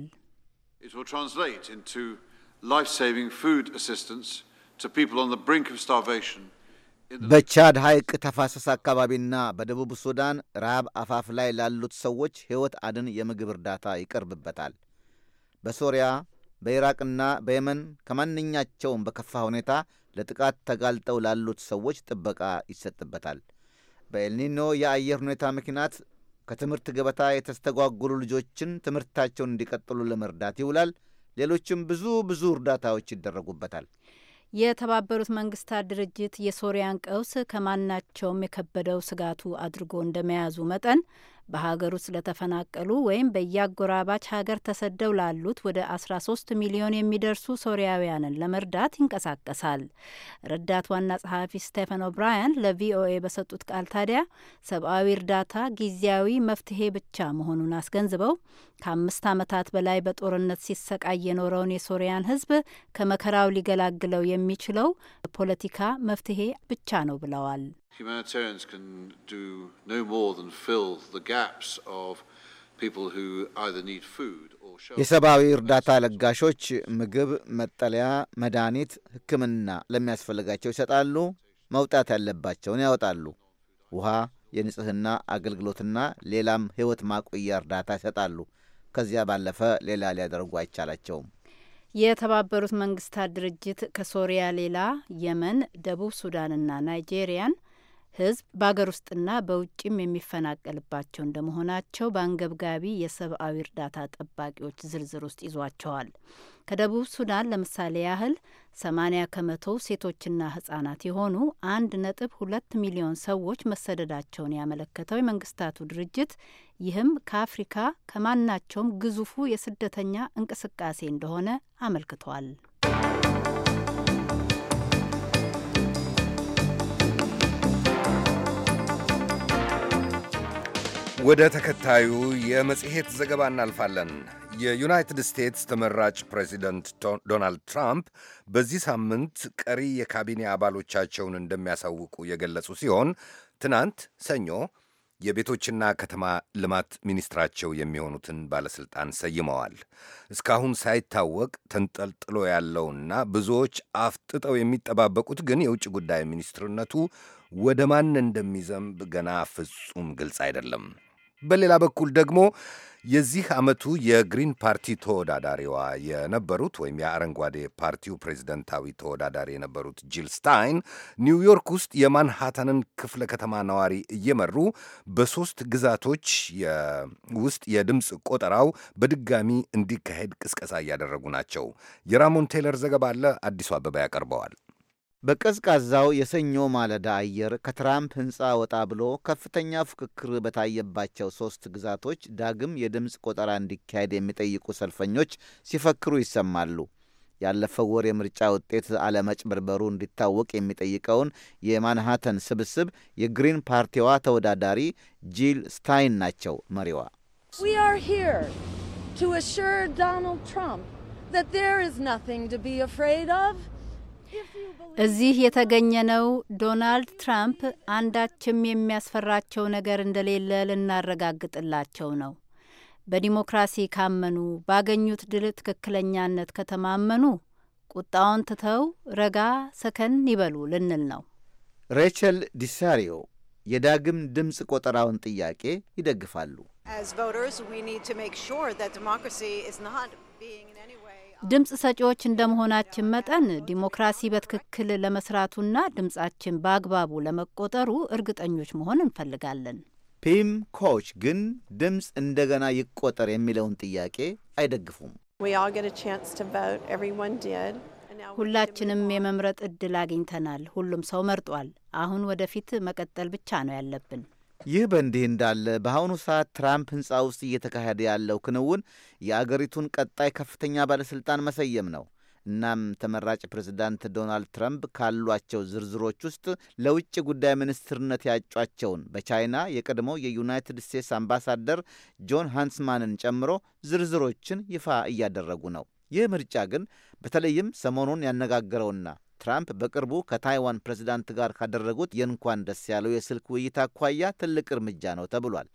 በቻድ ሐይቅ ተፋሰስ አካባቢና በደቡብ ሱዳን ረሃብ አፋፍ ላይ ላሉት ሰዎች ሕይወት አድን የምግብ እርዳታ ይቀርብበታል። በሶሪያ በኢራቅና በየመን ከማንኛቸውም በከፋ ሁኔታ ለጥቃት ተጋልጠው ላሉት ሰዎች ጥበቃ ይሰጥበታል። በኤልኒኖ የአየር ሁኔታ ምክንያት ከትምህርት ገበታ የተስተጓጉሉ ልጆችን ትምህርታቸውን እንዲቀጥሉ ለመርዳት ይውላል። ሌሎችም ብዙ ብዙ እርዳታዎች ይደረጉበታል። የተባበሩት መንግስታት ድርጅት የሶሪያን ቀውስ ከማናቸውም የከበደው ስጋቱ አድርጎ እንደመያዙ መጠን በሀገር ውስጥ ለተፈናቀሉ ወይም በየአጎራባች ሀገር ተሰደው ላሉት ወደ 13 ሚሊዮን የሚደርሱ ሶሪያውያንን ለመርዳት ይንቀሳቀሳል። ረዳት ዋና ጸሐፊ ስቴፈን ኦብራያን ለቪኦኤ በሰጡት ቃል ታዲያ ሰብአዊ እርዳታ ጊዜያዊ መፍትሄ ብቻ መሆኑን አስገንዝበው ከአምስት ዓመታት በላይ በጦርነት ሲሰቃይ የኖረውን የሶሪያን ሕዝብ ከመከራው ሊገላግለው የሚችለው ፖለቲካ መፍትሄ ብቻ ነው ብለዋል። Humanitarians can do no more than fill the gaps of people who either need food or shelter. የሰብአዊ እርዳታ ለጋሾች ምግብ፣ መጠለያ፣ መድኃኒት፣ ሕክምና ለሚያስፈልጋቸው ይሰጣሉ። መውጣት ያለባቸውን ያወጣሉ። ውሃ፣ የንጽህና አገልግሎትና ሌላም ሕይወት ማቆያ እርዳታ ይሰጣሉ። ከዚያ ባለፈ ሌላ ሊያደርጉ አይቻላቸውም። የተባበሩት መንግስታት ድርጅት ከሶሪያ ሌላ የመን፣ ደቡብ ሱዳንና ናይጄሪያን ህዝብ በአገር ውስጥና በውጭም የሚፈናቀልባቸው እንደመሆናቸው በአንገብጋቢ የሰብአዊ እርዳታ ጠባቂዎች ዝርዝር ውስጥ ይዟቸዋል። ከደቡብ ሱዳን ለምሳሌ ያህል 80 ከመቶ ሴቶችና ህጻናት የሆኑ አንድ ነጥብ ሁለት ሚሊዮን ሰዎች መሰደዳቸውን ያመለከተው የመንግስታቱ ድርጅት ይህም ከአፍሪካ ከማናቸውም ግዙፉ የስደተኛ እንቅስቃሴ እንደሆነ አመልክቷል። ወደ ተከታዩ የመጽሔት ዘገባ እናልፋለን። የዩናይትድ ስቴትስ ተመራጭ ፕሬዚደንት ዶናልድ ትራምፕ በዚህ ሳምንት ቀሪ የካቢኔ አባሎቻቸውን እንደሚያሳውቁ የገለጹ ሲሆን ትናንት ሰኞ የቤቶችና ከተማ ልማት ሚኒስትራቸው የሚሆኑትን ባለሥልጣን ሰይመዋል። እስካሁን ሳይታወቅ ተንጠልጥሎ ያለውና ብዙዎች አፍጥጠው የሚጠባበቁት ግን የውጭ ጉዳይ ሚኒስትርነቱ ወደ ማን እንደሚዘንብ ገና ፍጹም ግልጽ አይደለም። በሌላ በኩል ደግሞ የዚህ ዓመቱ የግሪን ፓርቲ ተወዳዳሪዋ የነበሩት ወይም የአረንጓዴ ፓርቲው ፕሬዚደንታዊ ተወዳዳሪ የነበሩት ጂል ስታይን ኒውዮርክ ውስጥ የማንሃታንን ክፍለ ከተማ ነዋሪ እየመሩ በሦስት ግዛቶች ውስጥ የድምፅ ቆጠራው በድጋሚ እንዲካሄድ ቅስቀሳ እያደረጉ ናቸው። የራሞን ቴይለር ዘገባ አለ፣ አዲሱ አበባ ያቀርበዋል። በቀዝቃዛው የሰኞ ማለዳ አየር ከትራምፕ ሕንፃ ወጣ ብሎ ከፍተኛ ፉክክር በታየባቸው ሦስት ግዛቶች ዳግም የድምፅ ቆጠራ እንዲካሄድ የሚጠይቁ ሰልፈኞች ሲፈክሩ ይሰማሉ። ያለፈው ወር የምርጫ ውጤት አለመጭበርበሩ እንዲታወቅ የሚጠይቀውን የማንሃተን ስብስብ የግሪን ፓርቲዋ ተወዳዳሪ ጂል ስታይን ናቸው መሪዋ። ዶናልድ ትራምፕ እዚህ የተገኘነው ዶናልድ ትራምፕ አንዳችም የሚያስፈራቸው ነገር እንደሌለ ልናረጋግጥላቸው ነው። በዲሞክራሲ ካመኑ፣ ባገኙት ድል ትክክለኛነት ከተማመኑ ቁጣውን ትተው ረጋ ሰከን ይበሉ ልንል ነው። ሬቸል ዲሳሪዮ የዳግም ድምፅ ቆጠራውን ጥያቄ ይደግፋሉ። ድምፅ ሰጪዎች እንደመሆናችን መጠን ዲሞክራሲ በትክክል ለመስራቱና ድምፃችን በአግባቡ ለመቆጠሩ እርግጠኞች መሆን እንፈልጋለን። ፒም ኮች ግን ድምፅ እንደገና ይቆጠር የሚለውን ጥያቄ አይደግፉም። ሁላችንም የመምረጥ እድል አግኝተናል። ሁሉም ሰው መርጧል። አሁን ወደፊት መቀጠል ብቻ ነው ያለብን። ይህ በእንዲህ እንዳለ በአሁኑ ሰዓት ትራምፕ ሕንፃ ውስጥ እየተካሄደ ያለው ክንውን የአገሪቱን ቀጣይ ከፍተኛ ባለሥልጣን መሰየም ነው። እናም ተመራጭ ፕሬዝዳንት ዶናልድ ትራምፕ ካሏቸው ዝርዝሮች ውስጥ ለውጭ ጉዳይ ሚኒስትርነት ያጯቸውን በቻይና የቀድሞው የዩናይትድ ስቴትስ አምባሳደር ጆን ሃንስማንን ጨምሮ ዝርዝሮችን ይፋ እያደረጉ ነው። ይህ ምርጫ ግን በተለይም ሰሞኑን ያነጋገረውና ትራምፕ በቅርቡ ከታይዋን ፕሬዚዳንት ጋር ካደረጉት የእንኳን ደስ ያለው የስልክ ውይይት አኳያ ትልቅ እርምጃ ነው ተብሏል።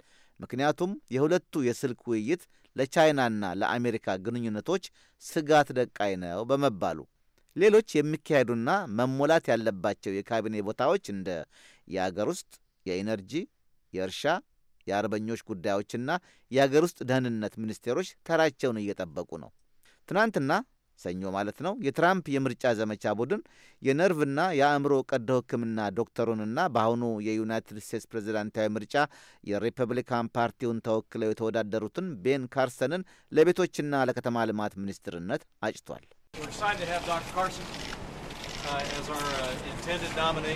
ምክንያቱም የሁለቱ የስልክ ውይይት ለቻይናና ለአሜሪካ ግንኙነቶች ስጋት ደቃይ ነው በመባሉ ሌሎች የሚካሄዱና መሞላት ያለባቸው የካቢኔ ቦታዎች እንደ የአገር ውስጥ የኢነርጂ፣ የእርሻ፣ የአርበኞች ጉዳዮችና የአገር ውስጥ ደህንነት ሚኒስቴሮች ተራቸውን እየጠበቁ ነው። ትናንትና ሰኞ ማለት ነው። የትራምፕ የምርጫ ዘመቻ ቡድን የነርቭና የአእምሮ ቀዶ ሕክምና ዶክተሩንና በአሁኑ የዩናይትድ ስቴትስ ፕሬዚዳንታዊ ምርጫ የሪፐብሊካን ፓርቲውን ተወክለው የተወዳደሩትን ቤን ካርሰንን ለቤቶችና ለከተማ ልማት ሚኒስትርነት አጭቷል። uh, uh,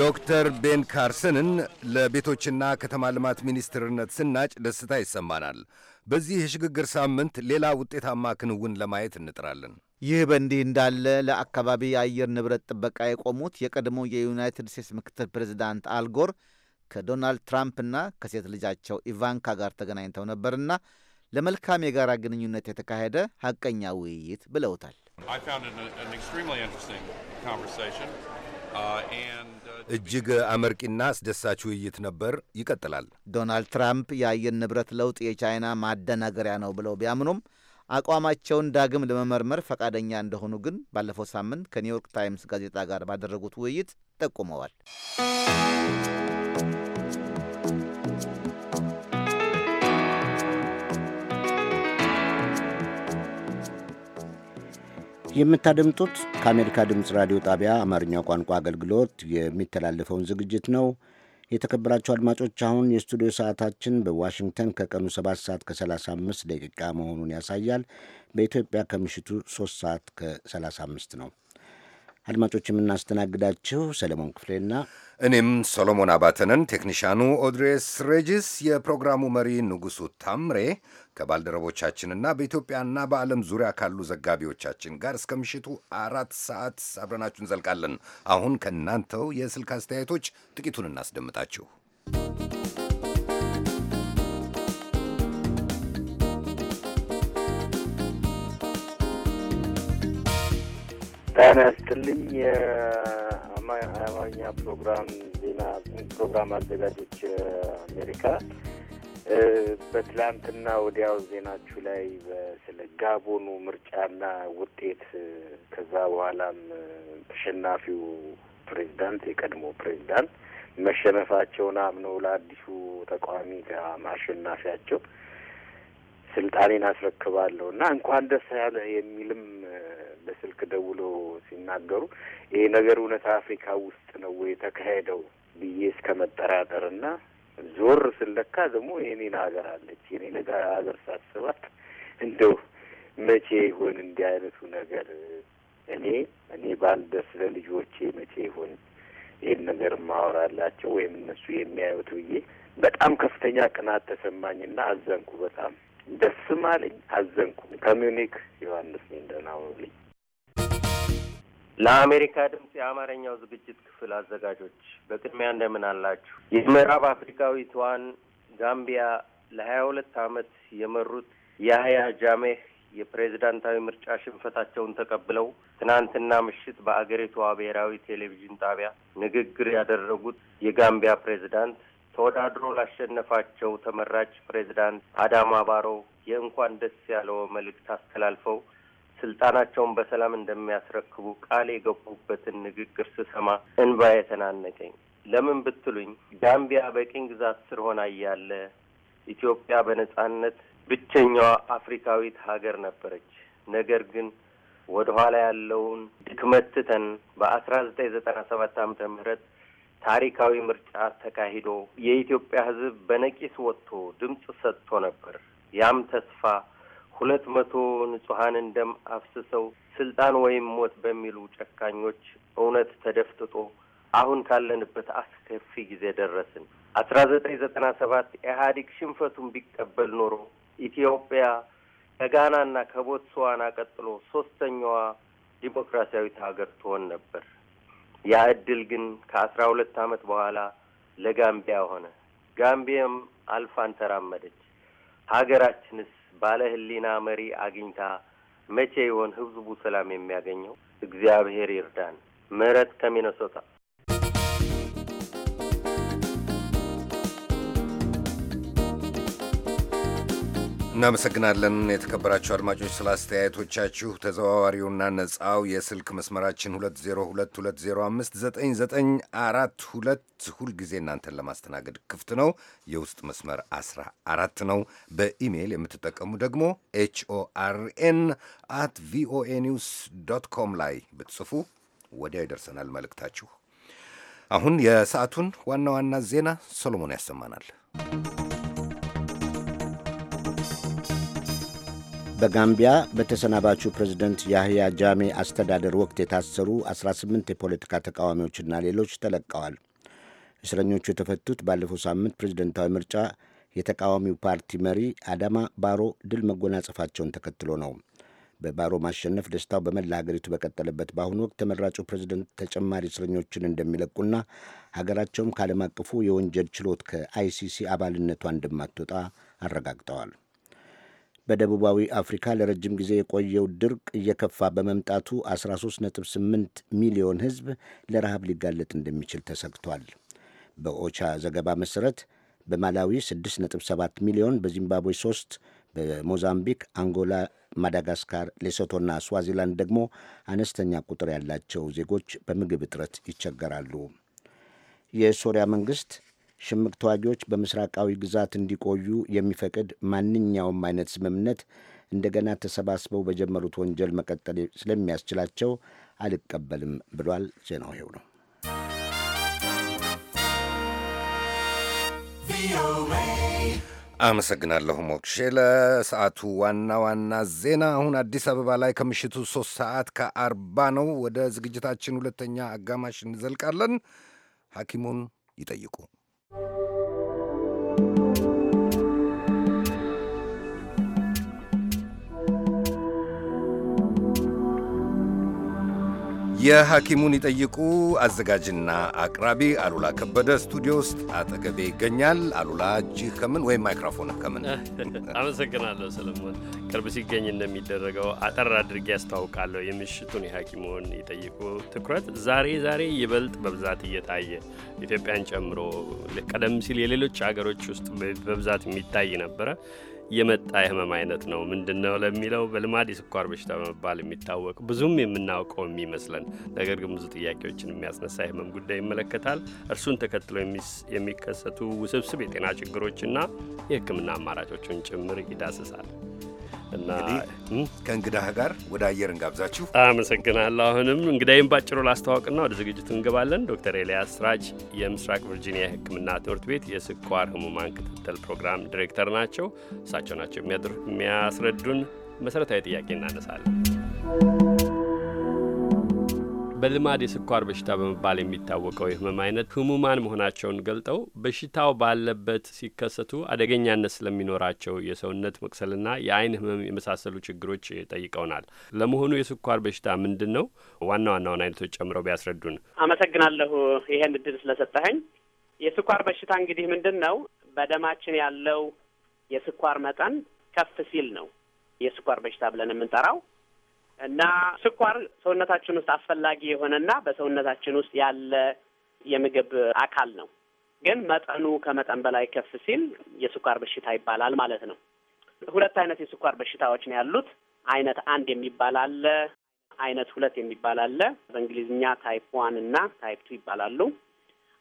ዶክተር ቤን ካርሰንን ለቤቶችና ከተማ ልማት ሚኒስትርነት ስናጭ ደስታ ይሰማናል። በዚህ የሽግግር ሳምንት ሌላ ውጤታማ ክንውን ለማየት እንጥራለን። ይህ በእንዲህ እንዳለ ለአካባቢ የአየር ንብረት ጥበቃ የቆሙት የቀድሞ የዩናይትድ ስቴትስ ምክትል ፕሬዚዳንት አልጎር ከዶናልድ ትራምፕና ከሴት ልጃቸው ኢቫንካ ጋር ተገናኝተው ነበርና ለመልካም የጋራ ግንኙነት የተካሄደ ሐቀኛ ውይይት ብለውታል። እጅግ አመርቂና አስደሳች ውይይት ነበር። ይቀጥላል። ዶናልድ ትራምፕ የአየር ንብረት ለውጥ የቻይና ማደናገሪያ ነው ብለው ቢያምኑም አቋማቸውን ዳግም ለመመርመር ፈቃደኛ እንደሆኑ ግን ባለፈው ሳምንት ከኒውዮርክ ታይምስ ጋዜጣ ጋር ባደረጉት ውይይት ጠቁመዋል። የምታደምጡት ከአሜሪካ ድምፅ ራዲዮ ጣቢያ አማርኛ ቋንቋ አገልግሎት የሚተላለፈውን ዝግጅት ነው። የተከበራቸው አድማጮች አሁን የስቱዲዮ ሰዓታችን በዋሽንግተን ከቀኑ 7 ሰዓት ከ35 ደቂቃ መሆኑን ያሳያል። በኢትዮጵያ ከምሽቱ 3 ሰዓት ከ35 ነው። አድማጮች የምናስተናግዳቸው ሰለሞን ክፍሌና እኔም ሰሎሞን አባተንን፣ ቴክኒሻኑ ኦድሬስ ሬጅስ፣ የፕሮግራሙ መሪ ንጉሱ ታምሬ ከባልደረቦቻችንና በኢትዮጵያና በዓለም ዙሪያ ካሉ ዘጋቢዎቻችን ጋር እስከ ምሽቱ አራት ሰዓት አብረናችሁ እንዘልቃለን። አሁን ከእናንተው የስልክ አስተያየቶች ጥቂቱን እናስደምጣችሁ። ጤና ይስጥልኝ። የአማርኛ ፕሮግራም ዜና ፕሮግራም አዘጋጆች አሜሪካ በትላንትና ወዲያው ዜናችሁ ላይ ስለ ጋቦኑ ምርጫና ውጤት ከዛ በኋላም ተሸናፊው ፕሬዚዳንት የቀድሞ ፕሬዚዳንት መሸነፋቸውን አምነው ለአዲሱ ተቃዋሚ ማሸናፊያቸው ስልጣኔን አስረክባለሁ እና እንኳን ደስ ያለ የሚልም በስልክ ደውሎ ሲናገሩ ይሄ ነገር እውነት አፍሪካ ውስጥ ነው የተካሄደው ብዬ እስከ መጠራጠር እና ዞር ስለካ ደግሞ የኔን ሀገር አለች የኔን ሀገር ሳስባት እንደው መቼ ይሆን እንዲህ አይነቱ ነገር እኔ እኔ ባልደ ለልጆቼ መቼ ይሆን ይህን ነገር ማወራላቸው ወይም እነሱ የሚያዩት ብዬ በጣም ከፍተኛ ቅናት ተሰማኝ ተሰማኝና አዘንኩ። በጣም ደስም አለኝ አዘንኩ። ከሚኒክ ዮሐንስ ደህና ሁኑልኝ። ለአሜሪካ ድምፅ የአማርኛው ዝግጅት ክፍል አዘጋጆች በቅድሚያ እንደምን አላችሁ? የምዕራብ አፍሪካዊቷን ጋምቢያ ለሀያ ሁለት ዓመት የመሩት ያህያ ጃሜህ የፕሬዝዳንታዊ ምርጫ ሽንፈታቸውን ተቀብለው ትናንትና ምሽት በአገሪቷ ብሔራዊ ቴሌቪዥን ጣቢያ ንግግር ያደረጉት የጋምቢያ ፕሬዝዳንት ተወዳድሮ ላሸነፋቸው ተመራጭ ፕሬዝዳንት አዳማ ባሮ የእንኳን ደስ ያለው መልእክት አስተላልፈው ስልጣናቸውን በሰላም እንደሚያስረክቡ ቃል የገቡበትን ንግግር ስሰማ እንባ የተናነቀኝ ለምን ብትሉኝ ጋምቢያ በቅኝ ግዛት ስር ሆና እያለ ኢትዮጵያ በነጻነት ብቸኛዋ አፍሪካዊት ሀገር ነበረች። ነገር ግን ወደ ኋላ ያለውን ድክመት ትተን በአስራ ዘጠኝ ዘጠና ሰባት አመተ ምህረት ታሪካዊ ምርጫ ተካሂዶ የኢትዮጵያ ሕዝብ በነቂስ ወጥቶ ድምፅ ሰጥቶ ነበር። ያም ተስፋ ሁለት መቶ ንጹሐንን ደም አፍስሰው ስልጣን ወይም ሞት በሚሉ ጨካኞች እውነት ተደፍጥጦ አሁን ካለንበት አስከፊ ጊዜ ደረስን። አስራ ዘጠኝ ዘጠና ሰባት ኢህአዲግ ሽንፈቱን ቢቀበል ኖሮ ኢትዮጵያ ከጋናና ከቦትስዋና ቀጥሎ ሶስተኛዋ ዲሞክራሲያዊት ሀገር ትሆን ነበር። ያ እድል ግን ከአስራ ሁለት ዓመት በኋላ ለጋምቢያ ሆነ። ጋምቢያም አልፋን ተራመደች። ሀገራችንስ ባለ ህሊና መሪ አግኝታ መቼ ይሆን ህዝቡ ሰላም የሚያገኘው? እግዚአብሔር ይርዳን። ምህረት ከሚነሶታ እናመሰግናለን የተከበራችሁ አድማጮች ስለ አስተያየቶቻችሁ። ተዘዋዋሪውና ነጻው የስልክ መስመራችን 2022059942 ሁልጊዜ እናንተን ለማስተናገድ ክፍት ነው። የውስጥ መስመር 14 ነው። በኢሜይል የምትጠቀሙ ደግሞ ኤችኦአርኤን አት ቪኦኤ ኒውስ ዶት ኮም ላይ ብትጽፉ ወዲያው ይደርሰናል መልእክታችሁ። አሁን የሰዓቱን ዋና ዋና ዜና ሰሎሞን ያሰማናል። በጋምቢያ በተሰናባቹ ፕሬዝደንት ያህያ ጃሜ አስተዳደር ወቅት የታሰሩ 18 የፖለቲካ ተቃዋሚዎችና ሌሎች ተለቀዋል። እስረኞቹ የተፈቱት ባለፈው ሳምንት ፕሬዝደንታዊ ምርጫ የተቃዋሚው ፓርቲ መሪ አዳማ ባሮ ድል መጎናጸፋቸውን ተከትሎ ነው። በባሮ ማሸነፍ ደስታው በመላ ሀገሪቱ በቀጠለበት በአሁኑ ወቅት ተመራጩ ፕሬዝደንት ተጨማሪ እስረኞችን እንደሚለቁና ሀገራቸውም ከዓለም አቀፉ የወንጀል ችሎት ከአይሲሲ አባልነቷ እንደማትወጣ አረጋግጠዋል። በደቡባዊ አፍሪካ ለረጅም ጊዜ የቆየው ድርቅ እየከፋ በመምጣቱ 13.8 ሚሊዮን ሕዝብ ለረሃብ ሊጋለጥ እንደሚችል ተሰግቷል። በኦቻ ዘገባ መሠረት በማላዊ 6.7 ሚሊዮን፣ በዚምባብዌ 3፣ በሞዛምቢክ፣ አንጎላ፣ ማዳጋስካር፣ ሌሶቶና ስዋዚላንድ ደግሞ አነስተኛ ቁጥር ያላቸው ዜጎች በምግብ እጥረት ይቸገራሉ። የሶሪያ መንግሥት ሽምቅ ተዋጊዎች በምስራቃዊ ግዛት እንዲቆዩ የሚፈቅድ ማንኛውም አይነት ስምምነት እንደገና ተሰባስበው በጀመሩት ወንጀል መቀጠል ስለሚያስችላቸው አልቀበልም ብሏል። ዜናው ይኸው ነው። አመሰግናለሁ ሞክሼ። ለሰዓቱ ዋና ዋና ዜና አሁን አዲስ አበባ ላይ ከምሽቱ ሶስት ሰዓት ከአርባ ነው። ወደ ዝግጅታችን ሁለተኛ አጋማሽ እንዘልቃለን። ሐኪሙን ይጠይቁ Thank you. የሐኪሙን ይጠይቁ አዘጋጅና አቅራቢ አሉላ ከበደ ስቱዲዮ ውስጥ አጠገቤ ይገኛል። አሉላ እጅህ ከምን ወይም ማይክሮፎን ከምን? አመሰግናለሁ ሰለሞን። ቅርብ ሲገኝ እንደሚደረገው አጠር አድርጌ ያስታውቃለሁ የምሽቱን የሐኪሙን ይጠይቁ ትኩረት ዛሬ ዛሬ ይበልጥ በብዛት እየታየ ኢትዮጵያን ጨምሮ ቀደም ሲል የሌሎች ሀገሮች ውስጥ በብዛት የሚታይ ነበረ። የመጣ የህመም አይነት ነው። ምንድን ነው ለሚለው በልማድ የስኳር በሽታ በመባል የሚታወቅ ብዙም የምናውቀው የሚመስለን ነገር ግን ብዙ ጥያቄዎችን የሚያስነሳ የህመም ጉዳይ ይመለከታል። እርሱን ተከትሎ የሚከሰቱ ውስብስብ የጤና ችግሮችና የህክምና አማራጮችን ጭምር ይዳስሳል። እንግዲህ ከእንግዳህ ጋር ወደ አየር እንጋብዛችሁ። አመሰግናለሁ። አሁንም እንግዳይም ባጭሩ ላስተዋወቅና ወደ ዝግጅቱ እንገባለን። ዶክተር ኤልያስ ስራጅ የምስራቅ ቨርጂኒያ የሕክምና ትምህርት ቤት የስኳር ህሙማን ክትትል ፕሮግራም ዲሬክተር ናቸው። እሳቸው ናቸው የሚያስረዱን። መሰረታዊ ጥያቄ እናነሳለን። በልማድ የስኳር በሽታ በመባል የሚታወቀው የህመም አይነት ህሙማን መሆናቸውን ገልጠው በሽታው ባለበት ሲከሰቱ አደገኛነት ስለሚኖራቸው የሰውነት መቅሰልና የአይን ህመም የመሳሰሉ ችግሮች ጠይቀውናል። ለመሆኑ የስኳር በሽታ ምንድን ነው? ዋና ዋናውን አይነቶች ጨምረው ቢያስረዱን። አመሰግናለሁ ይሄን እድል ስለሰጠኸኝ። የስኳር በሽታ እንግዲህ ምንድን ነው? በደማችን ያለው የስኳር መጠን ከፍ ሲል ነው የስኳር በሽታ ብለን የምንጠራው እና ስኳር ሰውነታችን ውስጥ አስፈላጊ የሆነና በሰውነታችን ውስጥ ያለ የምግብ አካል ነው። ግን መጠኑ ከመጠን በላይ ከፍ ሲል የስኳር በሽታ ይባላል ማለት ነው። ሁለት አይነት የስኳር በሽታዎች ነው ያሉት። አይነት አንድ የሚባል አለ፣ አይነት ሁለት የሚባል አለ። በእንግሊዝኛ ታይፕ ዋን እና ታይፕ ቱ ይባላሉ።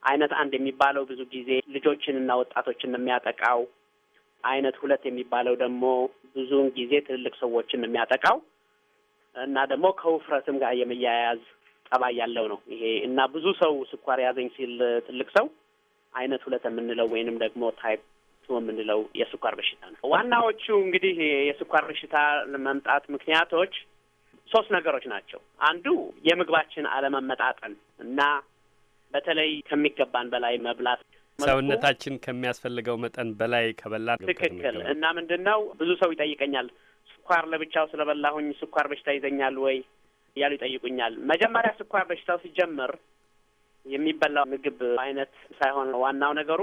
አይነት አንድ የሚባለው ብዙ ጊዜ ልጆችንና ወጣቶችን የሚያጠቃው፣ አይነት ሁለት የሚባለው ደግሞ ብዙውን ጊዜ ትልልቅ ሰዎችን የሚያጠቃው እና ደግሞ ከውፍረትም ጋር የመያያዝ ጠባይ ያለው ነው ይሄ እና ብዙ ሰው ስኳር ያዘኝ ሲል ትልቅ ሰው አይነት ሁለት የምንለው ወይንም ደግሞ ታይፕ ቱ የምንለው የስኳር በሽታ ነው። ዋናዎቹ እንግዲህ የስኳር በሽታ መምጣት ምክንያቶች ሶስት ነገሮች ናቸው። አንዱ የምግባችን አለመመጣጠን እና በተለይ ከሚገባን በላይ መብላት ሰውነታችን ከሚያስፈልገው መጠን በላይ ከበላ ትክክል እና ምንድን ነው ብዙ ሰው ይጠይቀኛል ስኳር ለብቻው ስለበላሁኝ ስኳር በሽታ ይዘኛል ወይ እያሉ ይጠይቁኛል። መጀመሪያ ስኳር በሽታው ሲጀምር የሚበላው ምግብ አይነት ሳይሆን ዋናው ነገሩ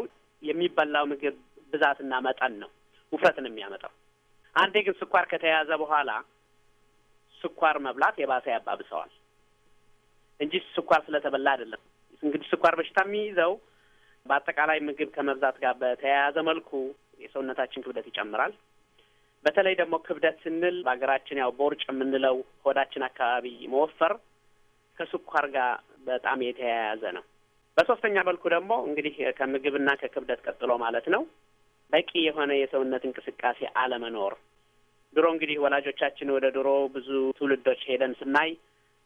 የሚበላው ምግብ ብዛትና መጠን ነው ውፍረትን የሚያመጣው። አንዴ ግን ስኳር ከተያዘ በኋላ ስኳር መብላት የባሰ ያባብሰዋል እንጂ ስኳር ስለተበላ አይደለም። እንግዲህ ስኳር በሽታ የሚይዘው በአጠቃላይ ምግብ ከመብዛት ጋር በተያያዘ መልኩ የሰውነታችን ክብደት ይጨምራል። በተለይ ደግሞ ክብደት ስንል በሀገራችን ያው ቦርጭ የምንለው ሆዳችን አካባቢ መወፈር ከስኳር ጋር በጣም የተያያዘ ነው። በሶስተኛ መልኩ ደግሞ እንግዲህ ከምግብና ከክብደት ቀጥሎ ማለት ነው በቂ የሆነ የሰውነት እንቅስቃሴ አለመኖር። ድሮ እንግዲህ ወላጆቻችን ወደ ድሮ ብዙ ትውልዶች ሄደን ስናይ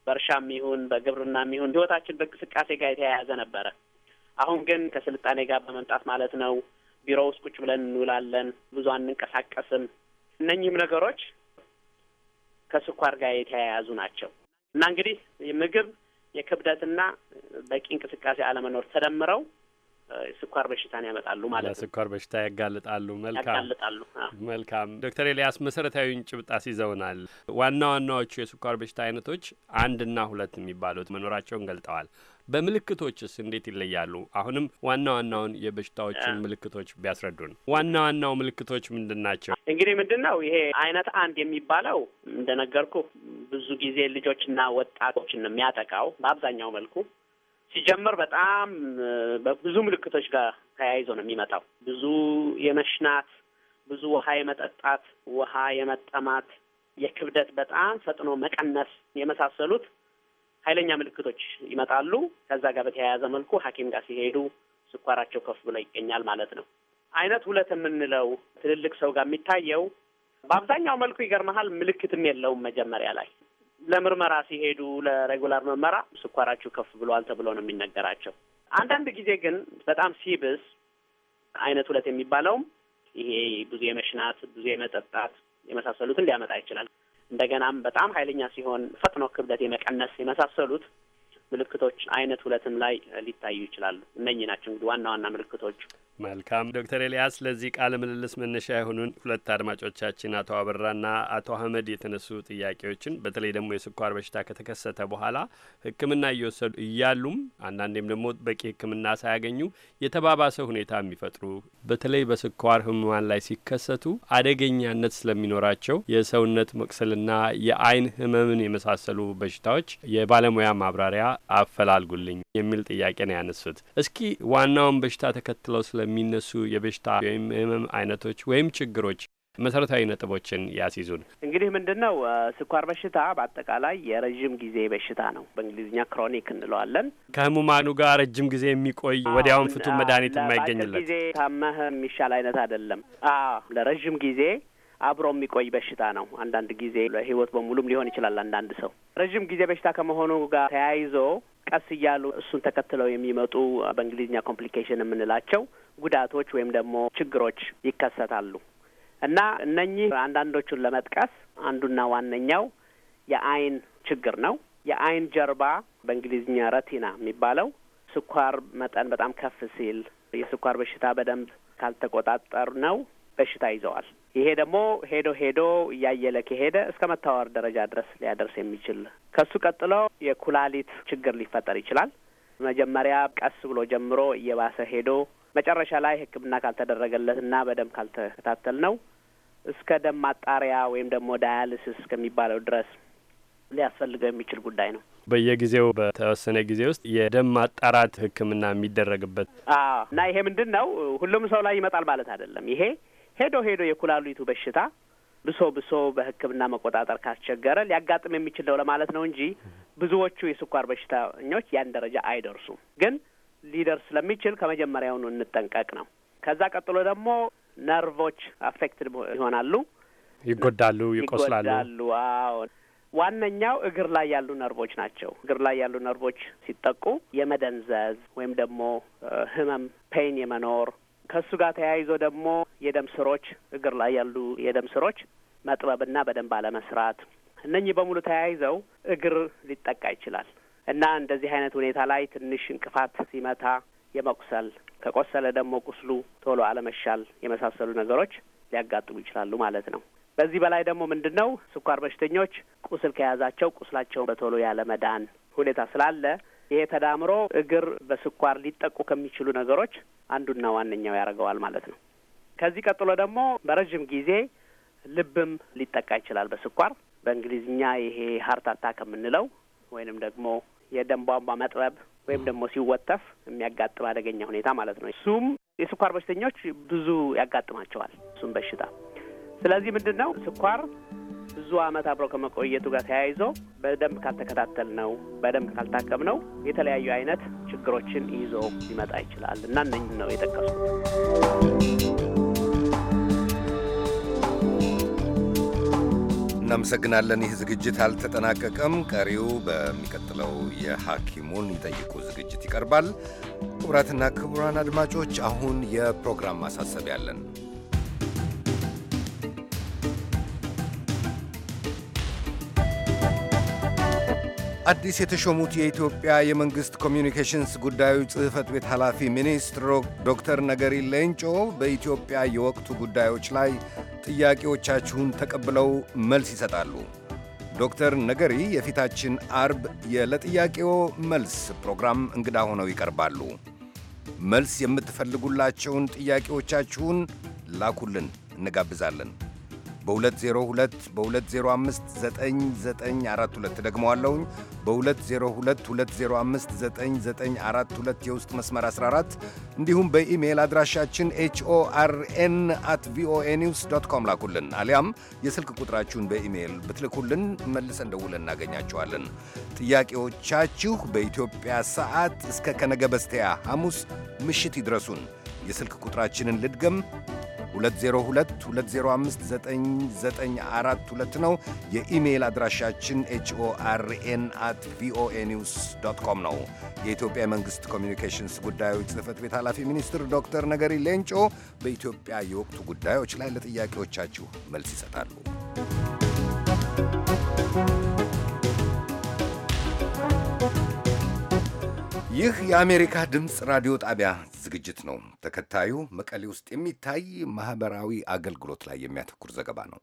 በእርሻም ይሁን በግብርናም ይሁን ህይወታችን በእንቅስቃሴ ጋር የተያያዘ ነበረ። አሁን ግን ከስልጣኔ ጋር በመምጣት ማለት ነው ቢሮ ውስጥ ቁጭ ብለን እንውላለን፣ ብዙ አንንቀሳቀስም። እነኚህም ነገሮች ከስኳር ጋር የተያያዙ ናቸው እና እንግዲህ ምግብ፣ የክብደትና በቂ እንቅስቃሴ አለመኖር ተደምረው ስኳር በሽታን ያመጣሉ ማለት ነው። ስኳር በሽታ ያጋልጣሉ። መልካም ያጋልጣሉ። መልካም ዶክተር ኤልያስ መሰረታዊን ጭብጣስ ይዘውናል። ዋና ዋናዎቹ የስኳር በሽታ አይነቶች አንድና ሁለት የሚባሉት መኖራቸውን ገልጠዋል። በምልክቶችስ እንዴት ይለያሉ? አሁንም ዋና ዋናውን የበሽታዎችን ምልክቶች ቢያስረዱን። ዋና ዋናው ምልክቶች ምንድን ናቸው? እንግዲህ ምንድን ነው ይሄ አይነት አንድ የሚባለው እንደነገርኩ ብዙ ጊዜ ልጆችና ወጣቶችን የሚያጠቃው በአብዛኛው መልኩ ሲጀምር በጣም ብዙ ምልክቶች ጋር ተያይዞ ነው የሚመጣው። ብዙ የመሽናት፣ ብዙ ውሃ የመጠጣት፣ ውሃ የመጠማት፣ የክብደት በጣም ፈጥኖ መቀነስ የመሳሰሉት ኃይለኛ ምልክቶች ይመጣሉ። ከዛ ጋር በተያያዘ መልኩ ሐኪም ጋር ሲሄዱ ስኳራቸው ከፍ ብሎ ይገኛል ማለት ነው። አይነት ሁለት የምንለው ትልልቅ ሰው ጋር የሚታየው በአብዛኛው መልኩ ይገርመሃል፣ ምልክትም የለውም መጀመሪያ ላይ ለምርመራ ሲሄዱ ለሬጉላር ምርመራ ስኳራችሁ ከፍ ብሏል ተብሎ ነው የሚነገራቸው። አንዳንድ ጊዜ ግን በጣም ሲብስ አይነት ሁለት የሚባለውም ይሄ ብዙ የመሽናት ብዙ የመጠጣት የመሳሰሉትን ሊያመጣ ይችላል። እንደገናም በጣም ኃይለኛ ሲሆን ፈጥኖ ክብደት የመቀነስ የመሳሰሉት ምልክቶች አይነት ሁለትም ላይ ሊታዩ ይችላሉ። እነኚህ ናቸው እንግዲህ ዋና ዋና ምልክቶች። መልካም ዶክተር ኤልያስ ለዚህ ቃለ ምልልስ መነሻ የሆኑን ሁለት አድማጮቻችን አቶ አበራና አቶ አህመድ የተነሱ ጥያቄዎችን በተለይ ደግሞ የስኳር በሽታ ከተከሰተ በኋላ ሕክምና እየወሰዱ እያሉም አንዳንዴም ደግሞ በቂ ሕክምና ሳያገኙ የተባባሰ ሁኔታ የሚፈጥሩ በተለይ በስኳር ህሙማን ላይ ሲከሰቱ አደገኛነት ስለሚኖራቸው የሰውነት መቅሰልና የአይን ህመምን የመሳሰሉ በሽታዎች የባለሙያ ማብራሪያ አፈላልጉልኝ የሚል ጥያቄ ነው ያነሱት። እስኪ ዋናውን በሽታ ተከትለው ስለ በሚነሱ የበሽታ ወይም ህመም አይነቶች ወይም ችግሮች መሰረታዊ ነጥቦችን ያስይዙን። እንግዲህ ምንድን ነው ስኳር በሽታ በአጠቃላይ የረዥም ጊዜ በሽታ ነው። በእንግሊዝኛ ክሮኒክ እንለዋለን። ከህሙማኑ ጋር ረጅም ጊዜ የሚቆይ ወዲያውን ፍቱን መድኃኒት የማይገኝለት ጊዜ ታመህ የሚሻል አይነት አይደለም። ለረዥም ጊዜ አብሮ የሚቆይ በሽታ ነው። አንዳንድ ጊዜ ለህይወት በሙሉም ሊሆን ይችላል። አንዳንድ ሰው ረዥም ጊዜ በሽታ ከመሆኑ ጋር ተያይዞ ቀስ እያሉ እሱን ተከትለው የሚመጡ በእንግሊዝኛ ኮምፕሊኬሽን የምንላቸው ጉዳቶች ወይም ደግሞ ችግሮች ይከሰታሉ እና እነኚህ አንዳንዶቹን ለመጥቀስ አንዱና ዋነኛው የአይን ችግር ነው። የአይን ጀርባ በእንግሊዝኛ ረቲና የሚባለው ስኳር መጠን በጣም ከፍ ሲል የስኳር በሽታ በደንብ ካልተቆጣጠር ነው በሽታ ይዘዋል። ይሄ ደግሞ ሄዶ ሄዶ እያየለ ከሄደ እስከ መታወር ደረጃ ድረስ ሊያደርስ የሚችል ከሱ ቀጥሎ የኩላሊት ችግር ሊፈጠር ይችላል። መጀመሪያ ቀስ ብሎ ጀምሮ እየባሰ ሄዶ መጨረሻ ላይ ሕክምና ካልተደረገለት እና በደም ካልተከታተል ነው እስከ ደም ማጣሪያ ወይም ደግሞ ዳያልስስ እስከሚባለው ድረስ ሊያስፈልገው የሚችል ጉዳይ ነው። በየጊዜው በተወሰነ ጊዜ ውስጥ የደም ማጣራት ሕክምና የሚደረግበት እና ይሄ ምንድን ነው ሁሉም ሰው ላይ ይመጣል ማለት አይደለም። ይሄ ሄዶ ሄዶ የኩላሊቱ በሽታ ብሶ ብሶ በሕክምና መቆጣጠር ካስቸገረ ሊያጋጥም የሚችል ነው ለማለት ነው እንጂ ብዙዎቹ የስኳር በሽታኞች ያን ደረጃ አይደርሱም። ግን ሊደርስ ስለሚችል ከመጀመሪያውኑ እንጠንቀቅ ነው። ከዛ ቀጥሎ ደግሞ ነርቮች አፌክትድ ይሆናሉ፣ ይጎዳሉ፣ ይቆስላሉ። አዎ ዋነኛው እግር ላይ ያሉ ነርቮች ናቸው። እግር ላይ ያሉ ነርቮች ሲጠቁ የመደንዘዝ ወይም ደግሞ ህመም ፔን የመኖር ከእሱ ጋር ተያይዞ ደግሞ የደም ስሮች እግር ላይ ያሉ የደም ስሮች መጥበብና በደንብ አለመስራት እነኚህ በሙሉ ተያይዘው እግር ሊጠቃ ይችላል እና እንደዚህ አይነት ሁኔታ ላይ ትንሽ እንቅፋት ሲመታ የመቁሰል ከቆሰለ ደግሞ ቁስሉ ቶሎ አለመሻል የመሳሰሉ ነገሮች ሊያጋጥሙ ይችላሉ ማለት ነው። በዚህ በላይ ደግሞ ምንድን ነው ስኳር በሽተኞች ቁስል ከያዛቸው ቁስላቸውን በቶሎ ያለመዳን ሁኔታ ስላለ ይሄ ተዳምሮ እግር በስኳር ሊጠቁ ከሚችሉ ነገሮች አንዱና ዋነኛው ያደርገዋል ማለት ነው። ከዚህ ቀጥሎ ደግሞ በረዥም ጊዜ ልብም ሊጠቃ ይችላል በስኳር በእንግሊዝኛ ይሄ ሀርት አታክ የምንለው ወይንም ደግሞ የደም ቧንቧ መጥበብ ወይም ደግሞ ሲወተፍ የሚያጋጥም አደገኛ ሁኔታ ማለት ነው። እሱም የስኳር በሽተኞች ብዙ ያጋጥማቸዋል እሱም በሽታ። ስለዚህ ምንድን ነው ስኳር ብዙ አመት አብሮ ከመቆየቱ ጋር ተያይዞ በደንብ ካልተከታተል ነው በደንብ ካልታከም ነው የተለያዩ አይነት ችግሮችን ይዞ ሊመጣ ይችላል እና እነኝን ነው የጠቀሱት። እናመሰግናለን። ይህ ዝግጅት አልተጠናቀቀም። ቀሪው በሚቀጥለው የሐኪሙን ይጠይቁ ዝግጅት ይቀርባል። ክቡራትና ክቡራን አድማጮች አሁን የፕሮግራም ማሳሰቢያ አለን። አዲስ የተሾሙት የኢትዮጵያ የመንግሥት ኮሚዩኒኬሽንስ ጉዳዮች ጽሕፈት ቤት ኃላፊ ሚኒስትር ዶክተር ነገሪ ሌንጮ በኢትዮጵያ የወቅቱ ጉዳዮች ላይ ጥያቄዎቻችሁን ተቀብለው መልስ ይሰጣሉ። ዶክተር ነገሪ የፊታችን አርብ የለጥያቄዎ መልስ ፕሮግራም እንግዳ ሆነው ይቀርባሉ። መልስ የምትፈልጉላቸውን ጥያቄዎቻችሁን ላኩልን፣ እንጋብዛለን። በ202 በ205 9942 ደግመዋለሁኝ በ202 205 9942 የውስጥ መስመር 14 እንዲሁም በኢሜይል አድራሻችን ኤችኦአርኤን አት ቪኦኤ ኒውስ ዶት ኮም ላኩልን። አሊያም የስልክ ቁጥራችሁን በኢሜይል ብትልኩልን መልሰን ደውለን እናገኛችኋለን። ጥያቄዎቻችሁ በኢትዮጵያ ሰዓት እስከ ከነገ በስቲያ ሐሙስ ምሽት ይድረሱን። የስልክ ቁጥራችንን ልድገም 2022059942 ነው። የኢሜይል አድራሻችን ኤችኦአርኤን አት ቪኦኤ ኒውስ ዶት ኮም ነው። የኢትዮጵያ የመንግሥት ኮሚኒኬሽንስ ጉዳዮች ጽህፈት ቤት ኃላፊ ሚኒስትር ዶክተር ነገሪ ሌንጮ በኢትዮጵያ የወቅቱ ጉዳዮች ላይ ለጥያቄዎቻችሁ መልስ ይሰጣሉ። ይህ የአሜሪካ ድምፅ ራዲዮ ጣቢያ ዝግጅት ነው። ተከታዩ መቀሌ ውስጥ የሚታይ ማኅበራዊ አገልግሎት ላይ የሚያተኩር ዘገባ ነው።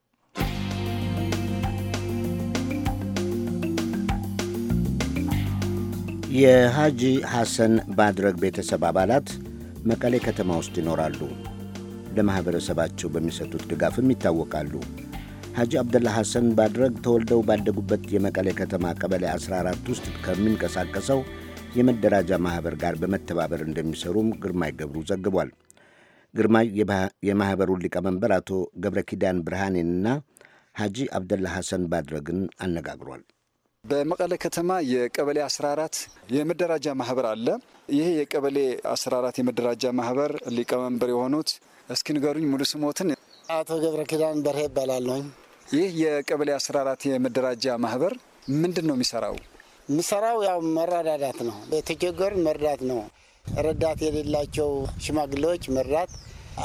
የሐጂ ሐሰን ባድረግ ቤተሰብ አባላት መቀሌ ከተማ ውስጥ ይኖራሉ። ለማኅበረሰባቸው በሚሰጡት ድጋፍም ይታወቃሉ። ሐጂ አብደላ ሐሰን ባድረግ ተወልደው ባደጉበት የመቀሌ ከተማ ቀበሌ 14 ውስጥ ከሚንቀሳቀሰው የመደራጃ ማኅበር ጋር በመተባበር እንደሚሰሩም ግርማይ ገብሩ ዘግቧል። ግርማይ የማኅበሩን ሊቀመንበር አቶ ገብረ ኪዳን ብርሃኔንና ሐጂ አብደላ ሐሰን ባድረግን አነጋግሯል። በመቀለ ከተማ የቀበሌ 14 የመደራጃ ማህበር አለ። ይሄ የቀበሌ 14 የመደራጃ ማህበር ሊቀመንበር የሆኑት እስኪ ንገሩኝ ሙሉ ስሞትን። አቶ ገብረ ኪዳን በርሄ ይባላለሁኝ። ይህ የቀበሌ 14 የመደራጃ ማህበር ምንድን ነው የሚሰራው? ምሰራው ያው መረዳዳት ነው። የተቸገሩን መርዳት ነው። ረዳት የሌላቸው ሽማግሌዎች መርዳት፣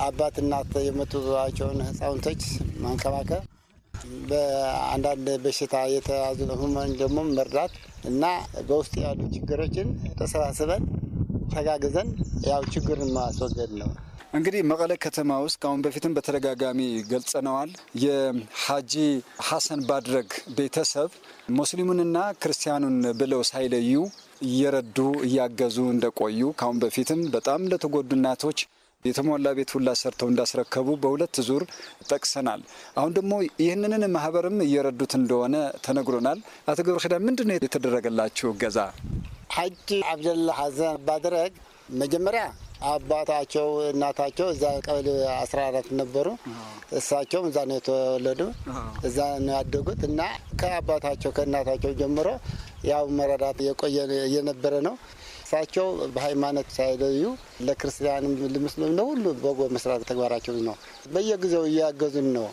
አባት እናት የመጡባቸውን ህፃውንቶች ማንከባከብ፣ በአንዳንድ በሽታ የተያዙ ህሙማን ደግሞ መርዳት እና በውስጥ ያሉ ችግሮችን ተሰባስበን ተጋግዘን ያው ችግርን ማስወገድ ነው። እንግዲህ መቀለ ከተማ ውስጥ ከአሁን በፊትም በተደጋጋሚ ገልጸነዋል። የሐጂ ሐሰን ባድረግ ቤተሰብ ሙስሊሙንና ክርስቲያኑን ብለው ሳይለዩ እየረዱ እያገዙ እንደቆዩ ከአሁን በፊትም በጣም ለተጎዱ እናቶች የተሞላ ቤት ሁላ ሰርተው እንዳስረከቡ በሁለት ዙር ጠቅሰናል። አሁን ደግሞ ይህንን ማህበርም እየረዱት እንደሆነ ተነግሮናል። አቶ ገብረ ኪዳን ምንድን ነው የተደረገላችሁ እገዛ? ሐጂ አብደላ ሐሰን ባድረግ መጀመሪያ አባታቸው እናታቸው እዛ ቀበሌ አስራ አራት ነበሩ። እሳቸውም እዛ ነው የተወለዱ፣ እዛ ነው ያደጉት እና ከአባታቸው ከእናታቸው ጀምሮ ያው መረዳት የቆየ የነበረ ነው። እሳቸው በሃይማኖት ሳይለዩ ለክርስቲያንም ለሙስሊም ነው ሁሉ በጎ መስራት ተግባራቸው ነው። በየጊዜው እያገዙን ነው።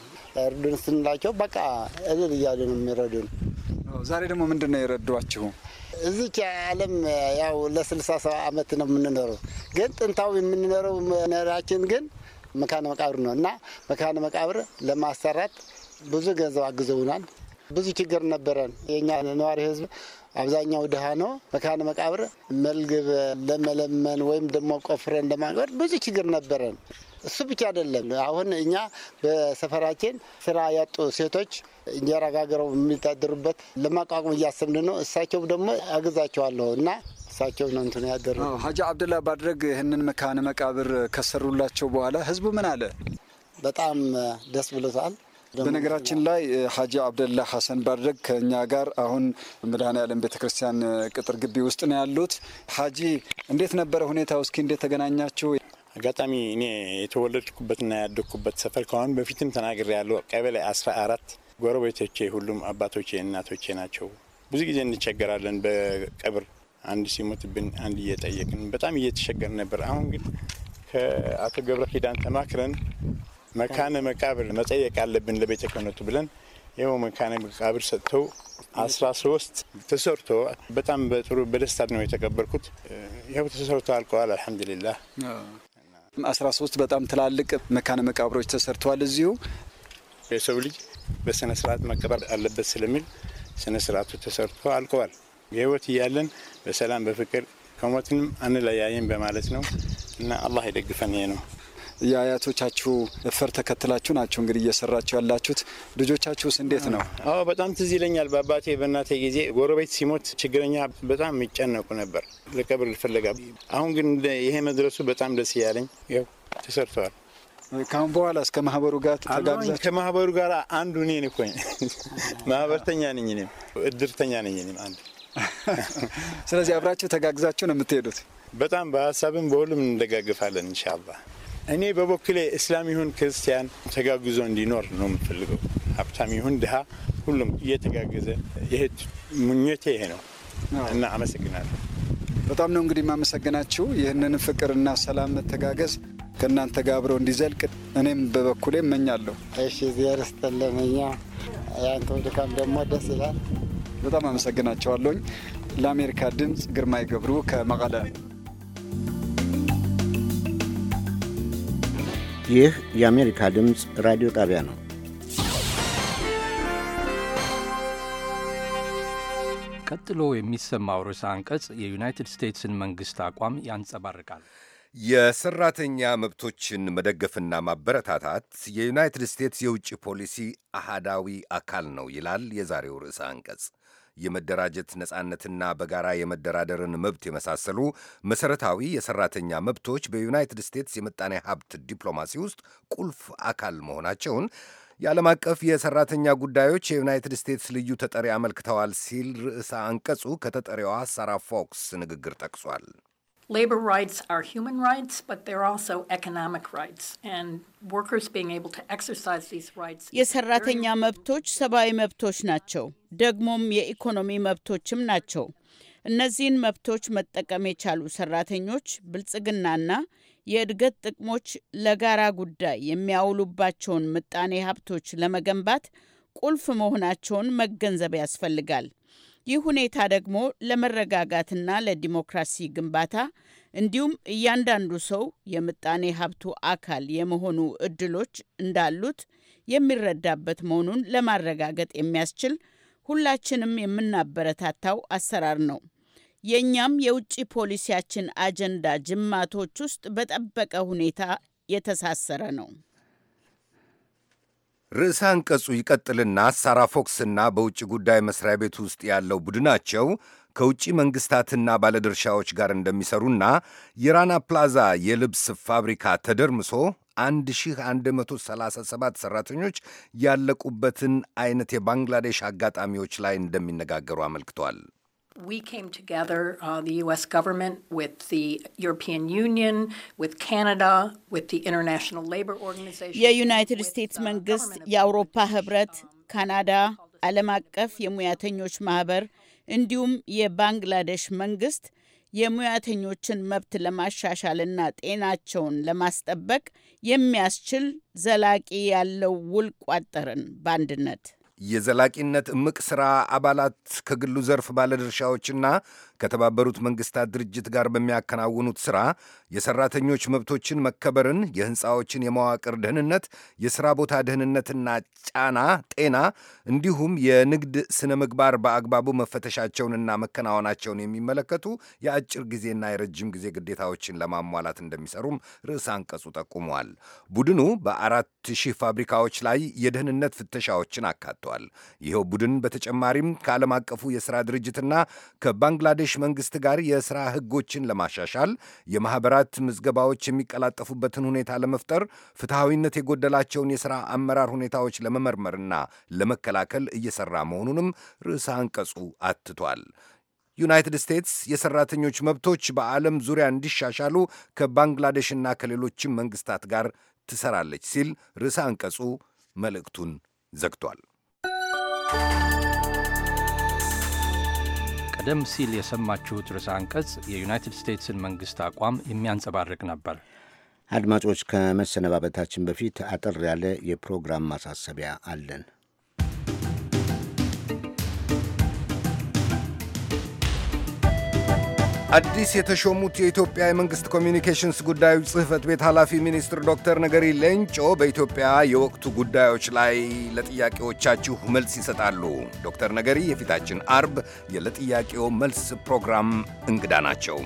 እርዱን ስንላቸው በቃ እልል እያሉ ነው የሚረዱን። ዛሬ ደግሞ ምንድን ነው የረዷችሁ? እዚች ዓለም ያው ለስልሳ ሰባ ዓመት ነው የምንኖረው። ግን ጥንታዊ የምንኖረው መኖራችን ግን መካነ መቃብር ነው እና መካነ መቃብር ለማሰራት ብዙ ገንዘብ አግዘውናል። ብዙ ችግር ነበረን። የኛ ነዋሪ ህዝብ አብዛኛው ድሃ ነው። መካነ መቃብር መልግብ ለመለመን ወይም ደግሞ ቆፍረን ለማቅበር ብዙ ችግር ነበረን። እሱ ብቻ አይደለም። አሁን እኛ በሰፈራችን ስራ ያጡ ሴቶች እንጀራ ጋግረው የሚታደሩበት ለማቋቋም እያሰብን ነው። እሳቸውም ደግሞ አግዛቸዋለሁ እና እሳቸው ነው እንትን ያደር ነው። ሀጂ አብደላ ባድረግ ይህንን መካነ መቃብር ከሰሩላቸው በኋላ ህዝቡ ምን አለ? በጣም ደስ ብሎታል። በነገራችን ላይ ሀጂ አብደላ ሀሰን ባድረግ ከእኛ ጋር አሁን መድኃኔ ዓለም ቤተ ክርስቲያን ቅጥር ግቢ ውስጥ ነው ያሉት። ሀጂ እንዴት ነበረ ሁኔታ? እስኪ እንዴት ተገናኛችሁ? አጋጣሚ እኔ የተወለድኩበትና ያደግኩበት ሰፈር ከአሁን በፊትም ተናግሬ ያለው ቀበሌ አስራ አራት ጎረቤቶቼ ሁሉም አባቶቼ እናቶቼ ናቸው። ብዙ ጊዜ እንቸገራለን። በቀብር አንድ ሲሞትብን አንድ እየጠየቅን በጣም እየተቸገርን ነበር። አሁን ግን ከአቶ ገብረ ኪዳን ተማክረን መካነ መቃብር መጠየቅ አለብን ለቤተ ክህነቱ ብለን ይኸው መካነ መቃብር ሰጥተው አስራ ሶስት ተሰርቶ በጣም በጥሩ በደስታ ነው የተቀበልኩት። ይኸው ተሰርቶ አልቀዋል። አልሐምዱሊላህ 13 በጣም ትላልቅ መካነ መቃብሮች ተሰርተዋል። እዚሁ የሰው ልጅ በስነ ስርዓት መቀበር አለበት ስለሚል ስነ ስርዓቱ ተሰርቶ አልቀዋል። የህይወት እያለን በሰላም በፍቅር ከሞትንም አንለያየን በማለት ነው እና አላህ ይደግፈን ይሄ ነው። የአያቶቻችሁ እፈር ተከትላችሁ ናችሁ እንግዲህ እየሰራችሁ ያላችሁት። ልጆቻችሁስ እንዴት ነው? አዎ በጣም ትዝ ይለኛል። በአባቴ በእናቴ ጊዜ ጎረቤት ሲሞት ችግረኛ በጣም የሚጨነቁ ነበር ለቀብር ፍለጋ። አሁን ግን ይሄ መድረሱ በጣም ደስ እያለኝ ያው ተሰርተዋል። ካሁን በኋላ እስከ ማህበሩ ጋር ተጋግዛ ከማህበሩ ጋር አንዱ እኔ እኮ ማህበርተኛ ነኝ፣ እኔም እድርተኛ ነኝ፣ እኔም አንድ። ስለዚህ አብራችሁ ተጋግዛችሁ ነው የምትሄዱት። በጣም በሀሳብም በሁሉም እንደጋግፋለን እንሻላ። እኔ በበኩሌ እስላም ይሁን ክርስቲያን ተጋግዞ እንዲኖር ነው የምፈልገው። ሀብታም ይሁን ድሀ፣ ሁሉም እየተጋገዘ ይሄ ምኞቴ ይሄ ነው እና አመሰግናለሁ። በጣም ነው እንግዲህ የማመሰግናችሁ። ይህንን ፍቅርና ሰላም መተጋገዝ ከእናንተ ጋር አብሮ እንዲዘልቅ እኔም በበኩሌ እመኛለሁ። እሺ፣ እግዚአብሔር ይስጥልን። እኛ ያንተው ድካም ደግሞ ደስ ይላል። በጣም አመሰግናቸዋለሁኝ። ለአሜሪካ ድምፅ ግርማይ ገብሩ ከመቀለ ይህ የአሜሪካ ድምፅ ራዲዮ ጣቢያ ነው። ቀጥሎ የሚሰማው ርዕሰ አንቀጽ የዩናይትድ ስቴትስን መንግሥት አቋም ያንጸባርቃል። የሰራተኛ መብቶችን መደገፍና ማበረታታት የዩናይትድ ስቴትስ የውጭ ፖሊሲ አሃዳዊ አካል ነው ይላል የዛሬው ርዕሰ አንቀጽ። የመደራጀት ነጻነትና በጋራ የመደራደርን መብት የመሳሰሉ መሰረታዊ የሰራተኛ መብቶች በዩናይትድ ስቴትስ የምጣኔ ሀብት ዲፕሎማሲ ውስጥ ቁልፍ አካል መሆናቸውን የዓለም አቀፍ የሰራተኛ ጉዳዮች የዩናይትድ ስቴትስ ልዩ ተጠሪ አመልክተዋል ሲል ርዕሰ አንቀጹ ከተጠሪዋ ሳራ ፎክስ ንግግር ጠቅሷል። labor rights are human rights, but they're also economic rights. And workers being able to exercise these rights. የሰራተኛ መብቶች ሰብአዊ መብቶች ናቸው፣ ደግሞም የኢኮኖሚ መብቶችም ናቸው። እነዚህን መብቶች መጠቀም የቻሉ ሰራተኞች ብልጽግናና የእድገት ጥቅሞች ለጋራ ጉዳይ የሚያውሉባቸውን ምጣኔ ሀብቶች ለመገንባት ቁልፍ መሆናቸውን መገንዘብ ያስፈልጋል። ይህ ሁኔታ ደግሞ ለመረጋጋትና ለዲሞክራሲ ግንባታ እንዲሁም እያንዳንዱ ሰው የምጣኔ ሀብቱ አካል የመሆኑ እድሎች እንዳሉት የሚረዳበት መሆኑን ለማረጋገጥ የሚያስችል ሁላችንም የምናበረታታው አሰራር ነው። የእኛም የውጭ ፖሊሲያችን አጀንዳ ጅማቶች ውስጥ በጠበቀ ሁኔታ የተሳሰረ ነው። ርዕሰ አንቀጹ ይቀጥልና ሳራ ፎክስና በውጭ ጉዳይ መስሪያ ቤት ውስጥ ያለው ቡድናቸው ከውጭ መንግስታትና ባለድርሻዎች ጋር እንደሚሰሩና የራና ፕላዛ የልብስ ፋብሪካ ተደርምሶ 1137 ሰራተኞች ያለቁበትን አይነት የባንግላዴሽ አጋጣሚዎች ላይ እንደሚነጋገሩ አመልክቷል። we came together, uh, the U.S. government, with the European Union, with Canada, with the International Labor Organization. የዩናይትድ ስቴትስ መንግስት፣ የአውሮፓ ህብረት፣ ካናዳ፣ ዓለም አቀፍ የሙያተኞች ማህበር እንዲሁም የባንግላዴሽ መንግስት የሙያተኞችን መብት ለማሻሻልና ጤናቸውን ለማስጠበቅ የሚያስችል ዘላቂ ያለው ውል ቋጠርን በአንድነት የዘላቂነት እምቅ ሥራ አባላት ከግሉ ዘርፍ ባለድርሻዎችና ከተባበሩት መንግሥታት ድርጅት ጋር በሚያከናውኑት ሥራ የሠራተኞች መብቶችን መከበርን፣ የሕንፃዎችን የመዋቅር ደህንነት፣ የሥራ ቦታ ደህንነትና ጫና ጤና እንዲሁም የንግድ ሥነ ምግባር በአግባቡ መፈተሻቸውንና መከናወናቸውን የሚመለከቱ የአጭር ጊዜና የረጅም ጊዜ ግዴታዎችን ለማሟላት እንደሚሰሩም ርዕስ አንቀጹ ጠቁሟል። ቡድኑ በአራት ሺህ ፋብሪካዎች ላይ የደህንነት ፍተሻዎችን አካቷል። ሰጥቷል። ይኸው ቡድን በተጨማሪም ከዓለም አቀፉ የሥራ ድርጅትና ከባንግላዴሽ መንግሥት ጋር የሥራ ሕጎችን ለማሻሻል የማኅበራት ምዝገባዎች የሚቀላጠፉበትን ሁኔታ ለመፍጠር፣ ፍትሐዊነት የጎደላቸውን የሥራ አመራር ሁኔታዎች ለመመርመርና ለመከላከል እየሠራ መሆኑንም ርዕሰ አንቀጹ አትቷል። ዩናይትድ ስቴትስ የሰራተኞች መብቶች በዓለም ዙሪያ እንዲሻሻሉ ከባንግላዴሽና ከሌሎችም መንግስታት ጋር ትሰራለች ሲል ርዕሰ አንቀጹ መልእክቱን ዘግቷል። ቀደም ሲል የሰማችሁት ርዕሰ አንቀጽ የዩናይትድ ስቴትስን መንግሥት አቋም የሚያንጸባርቅ ነበር። አድማጮች፣ ከመሰነባበታችን በፊት አጠር ያለ የፕሮግራም ማሳሰቢያ አለን። አዲስ የተሾሙት የኢትዮጵያ የመንግሥት ኮሚኒኬሽንስ ጉዳዮች ጽሕፈት ቤት ኃላፊ ሚኒስትር ዶክተር ነገሪ ሌንጮ በኢትዮጵያ የወቅቱ ጉዳዮች ላይ ለጥያቄዎቻችሁ መልስ ይሰጣሉ። ዶክተር ነገሪ የፊታችን አርብ የለጥያቄው መልስ ፕሮግራም እንግዳ ናቸው።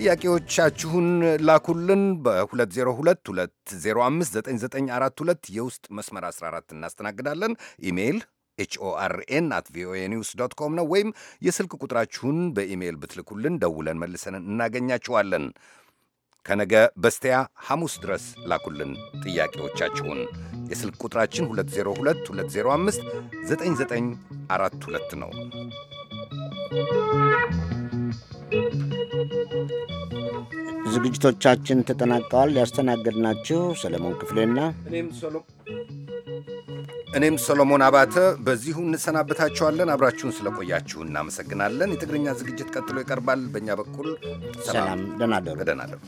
ጥያቄዎቻችሁን ላኩልን። በ2022059942 የውስጥ መስመር 14 እናስተናግዳለን። ኢሜይል ኤችኦአርኤን አት ቪኦኤ ኒውስ ዶት ኮም ነው። ወይም የስልክ ቁጥራችሁን በኢሜይል ብትልኩልን ደውለን መልሰን እናገኛችኋለን። ከነገ በስቲያ ሐሙስ ድረስ ላኩልን ጥያቄዎቻችሁን። የስልክ ቁጥራችን 2022059942 ነው። ዝግጅቶቻችን ተጠናቀዋል። ያስተናገድናችሁ ሰለሞን ክፍሌና እኔም ሰሎሞን አባተ በዚሁ እንሰናበታችኋለን። አብራችሁን ስለቆያችሁ እናመሰግናለን። የትግርኛ ዝግጅት ቀጥሎ ይቀርባል። በእኛ በኩል ሰላም፣ ደህና ደሩ።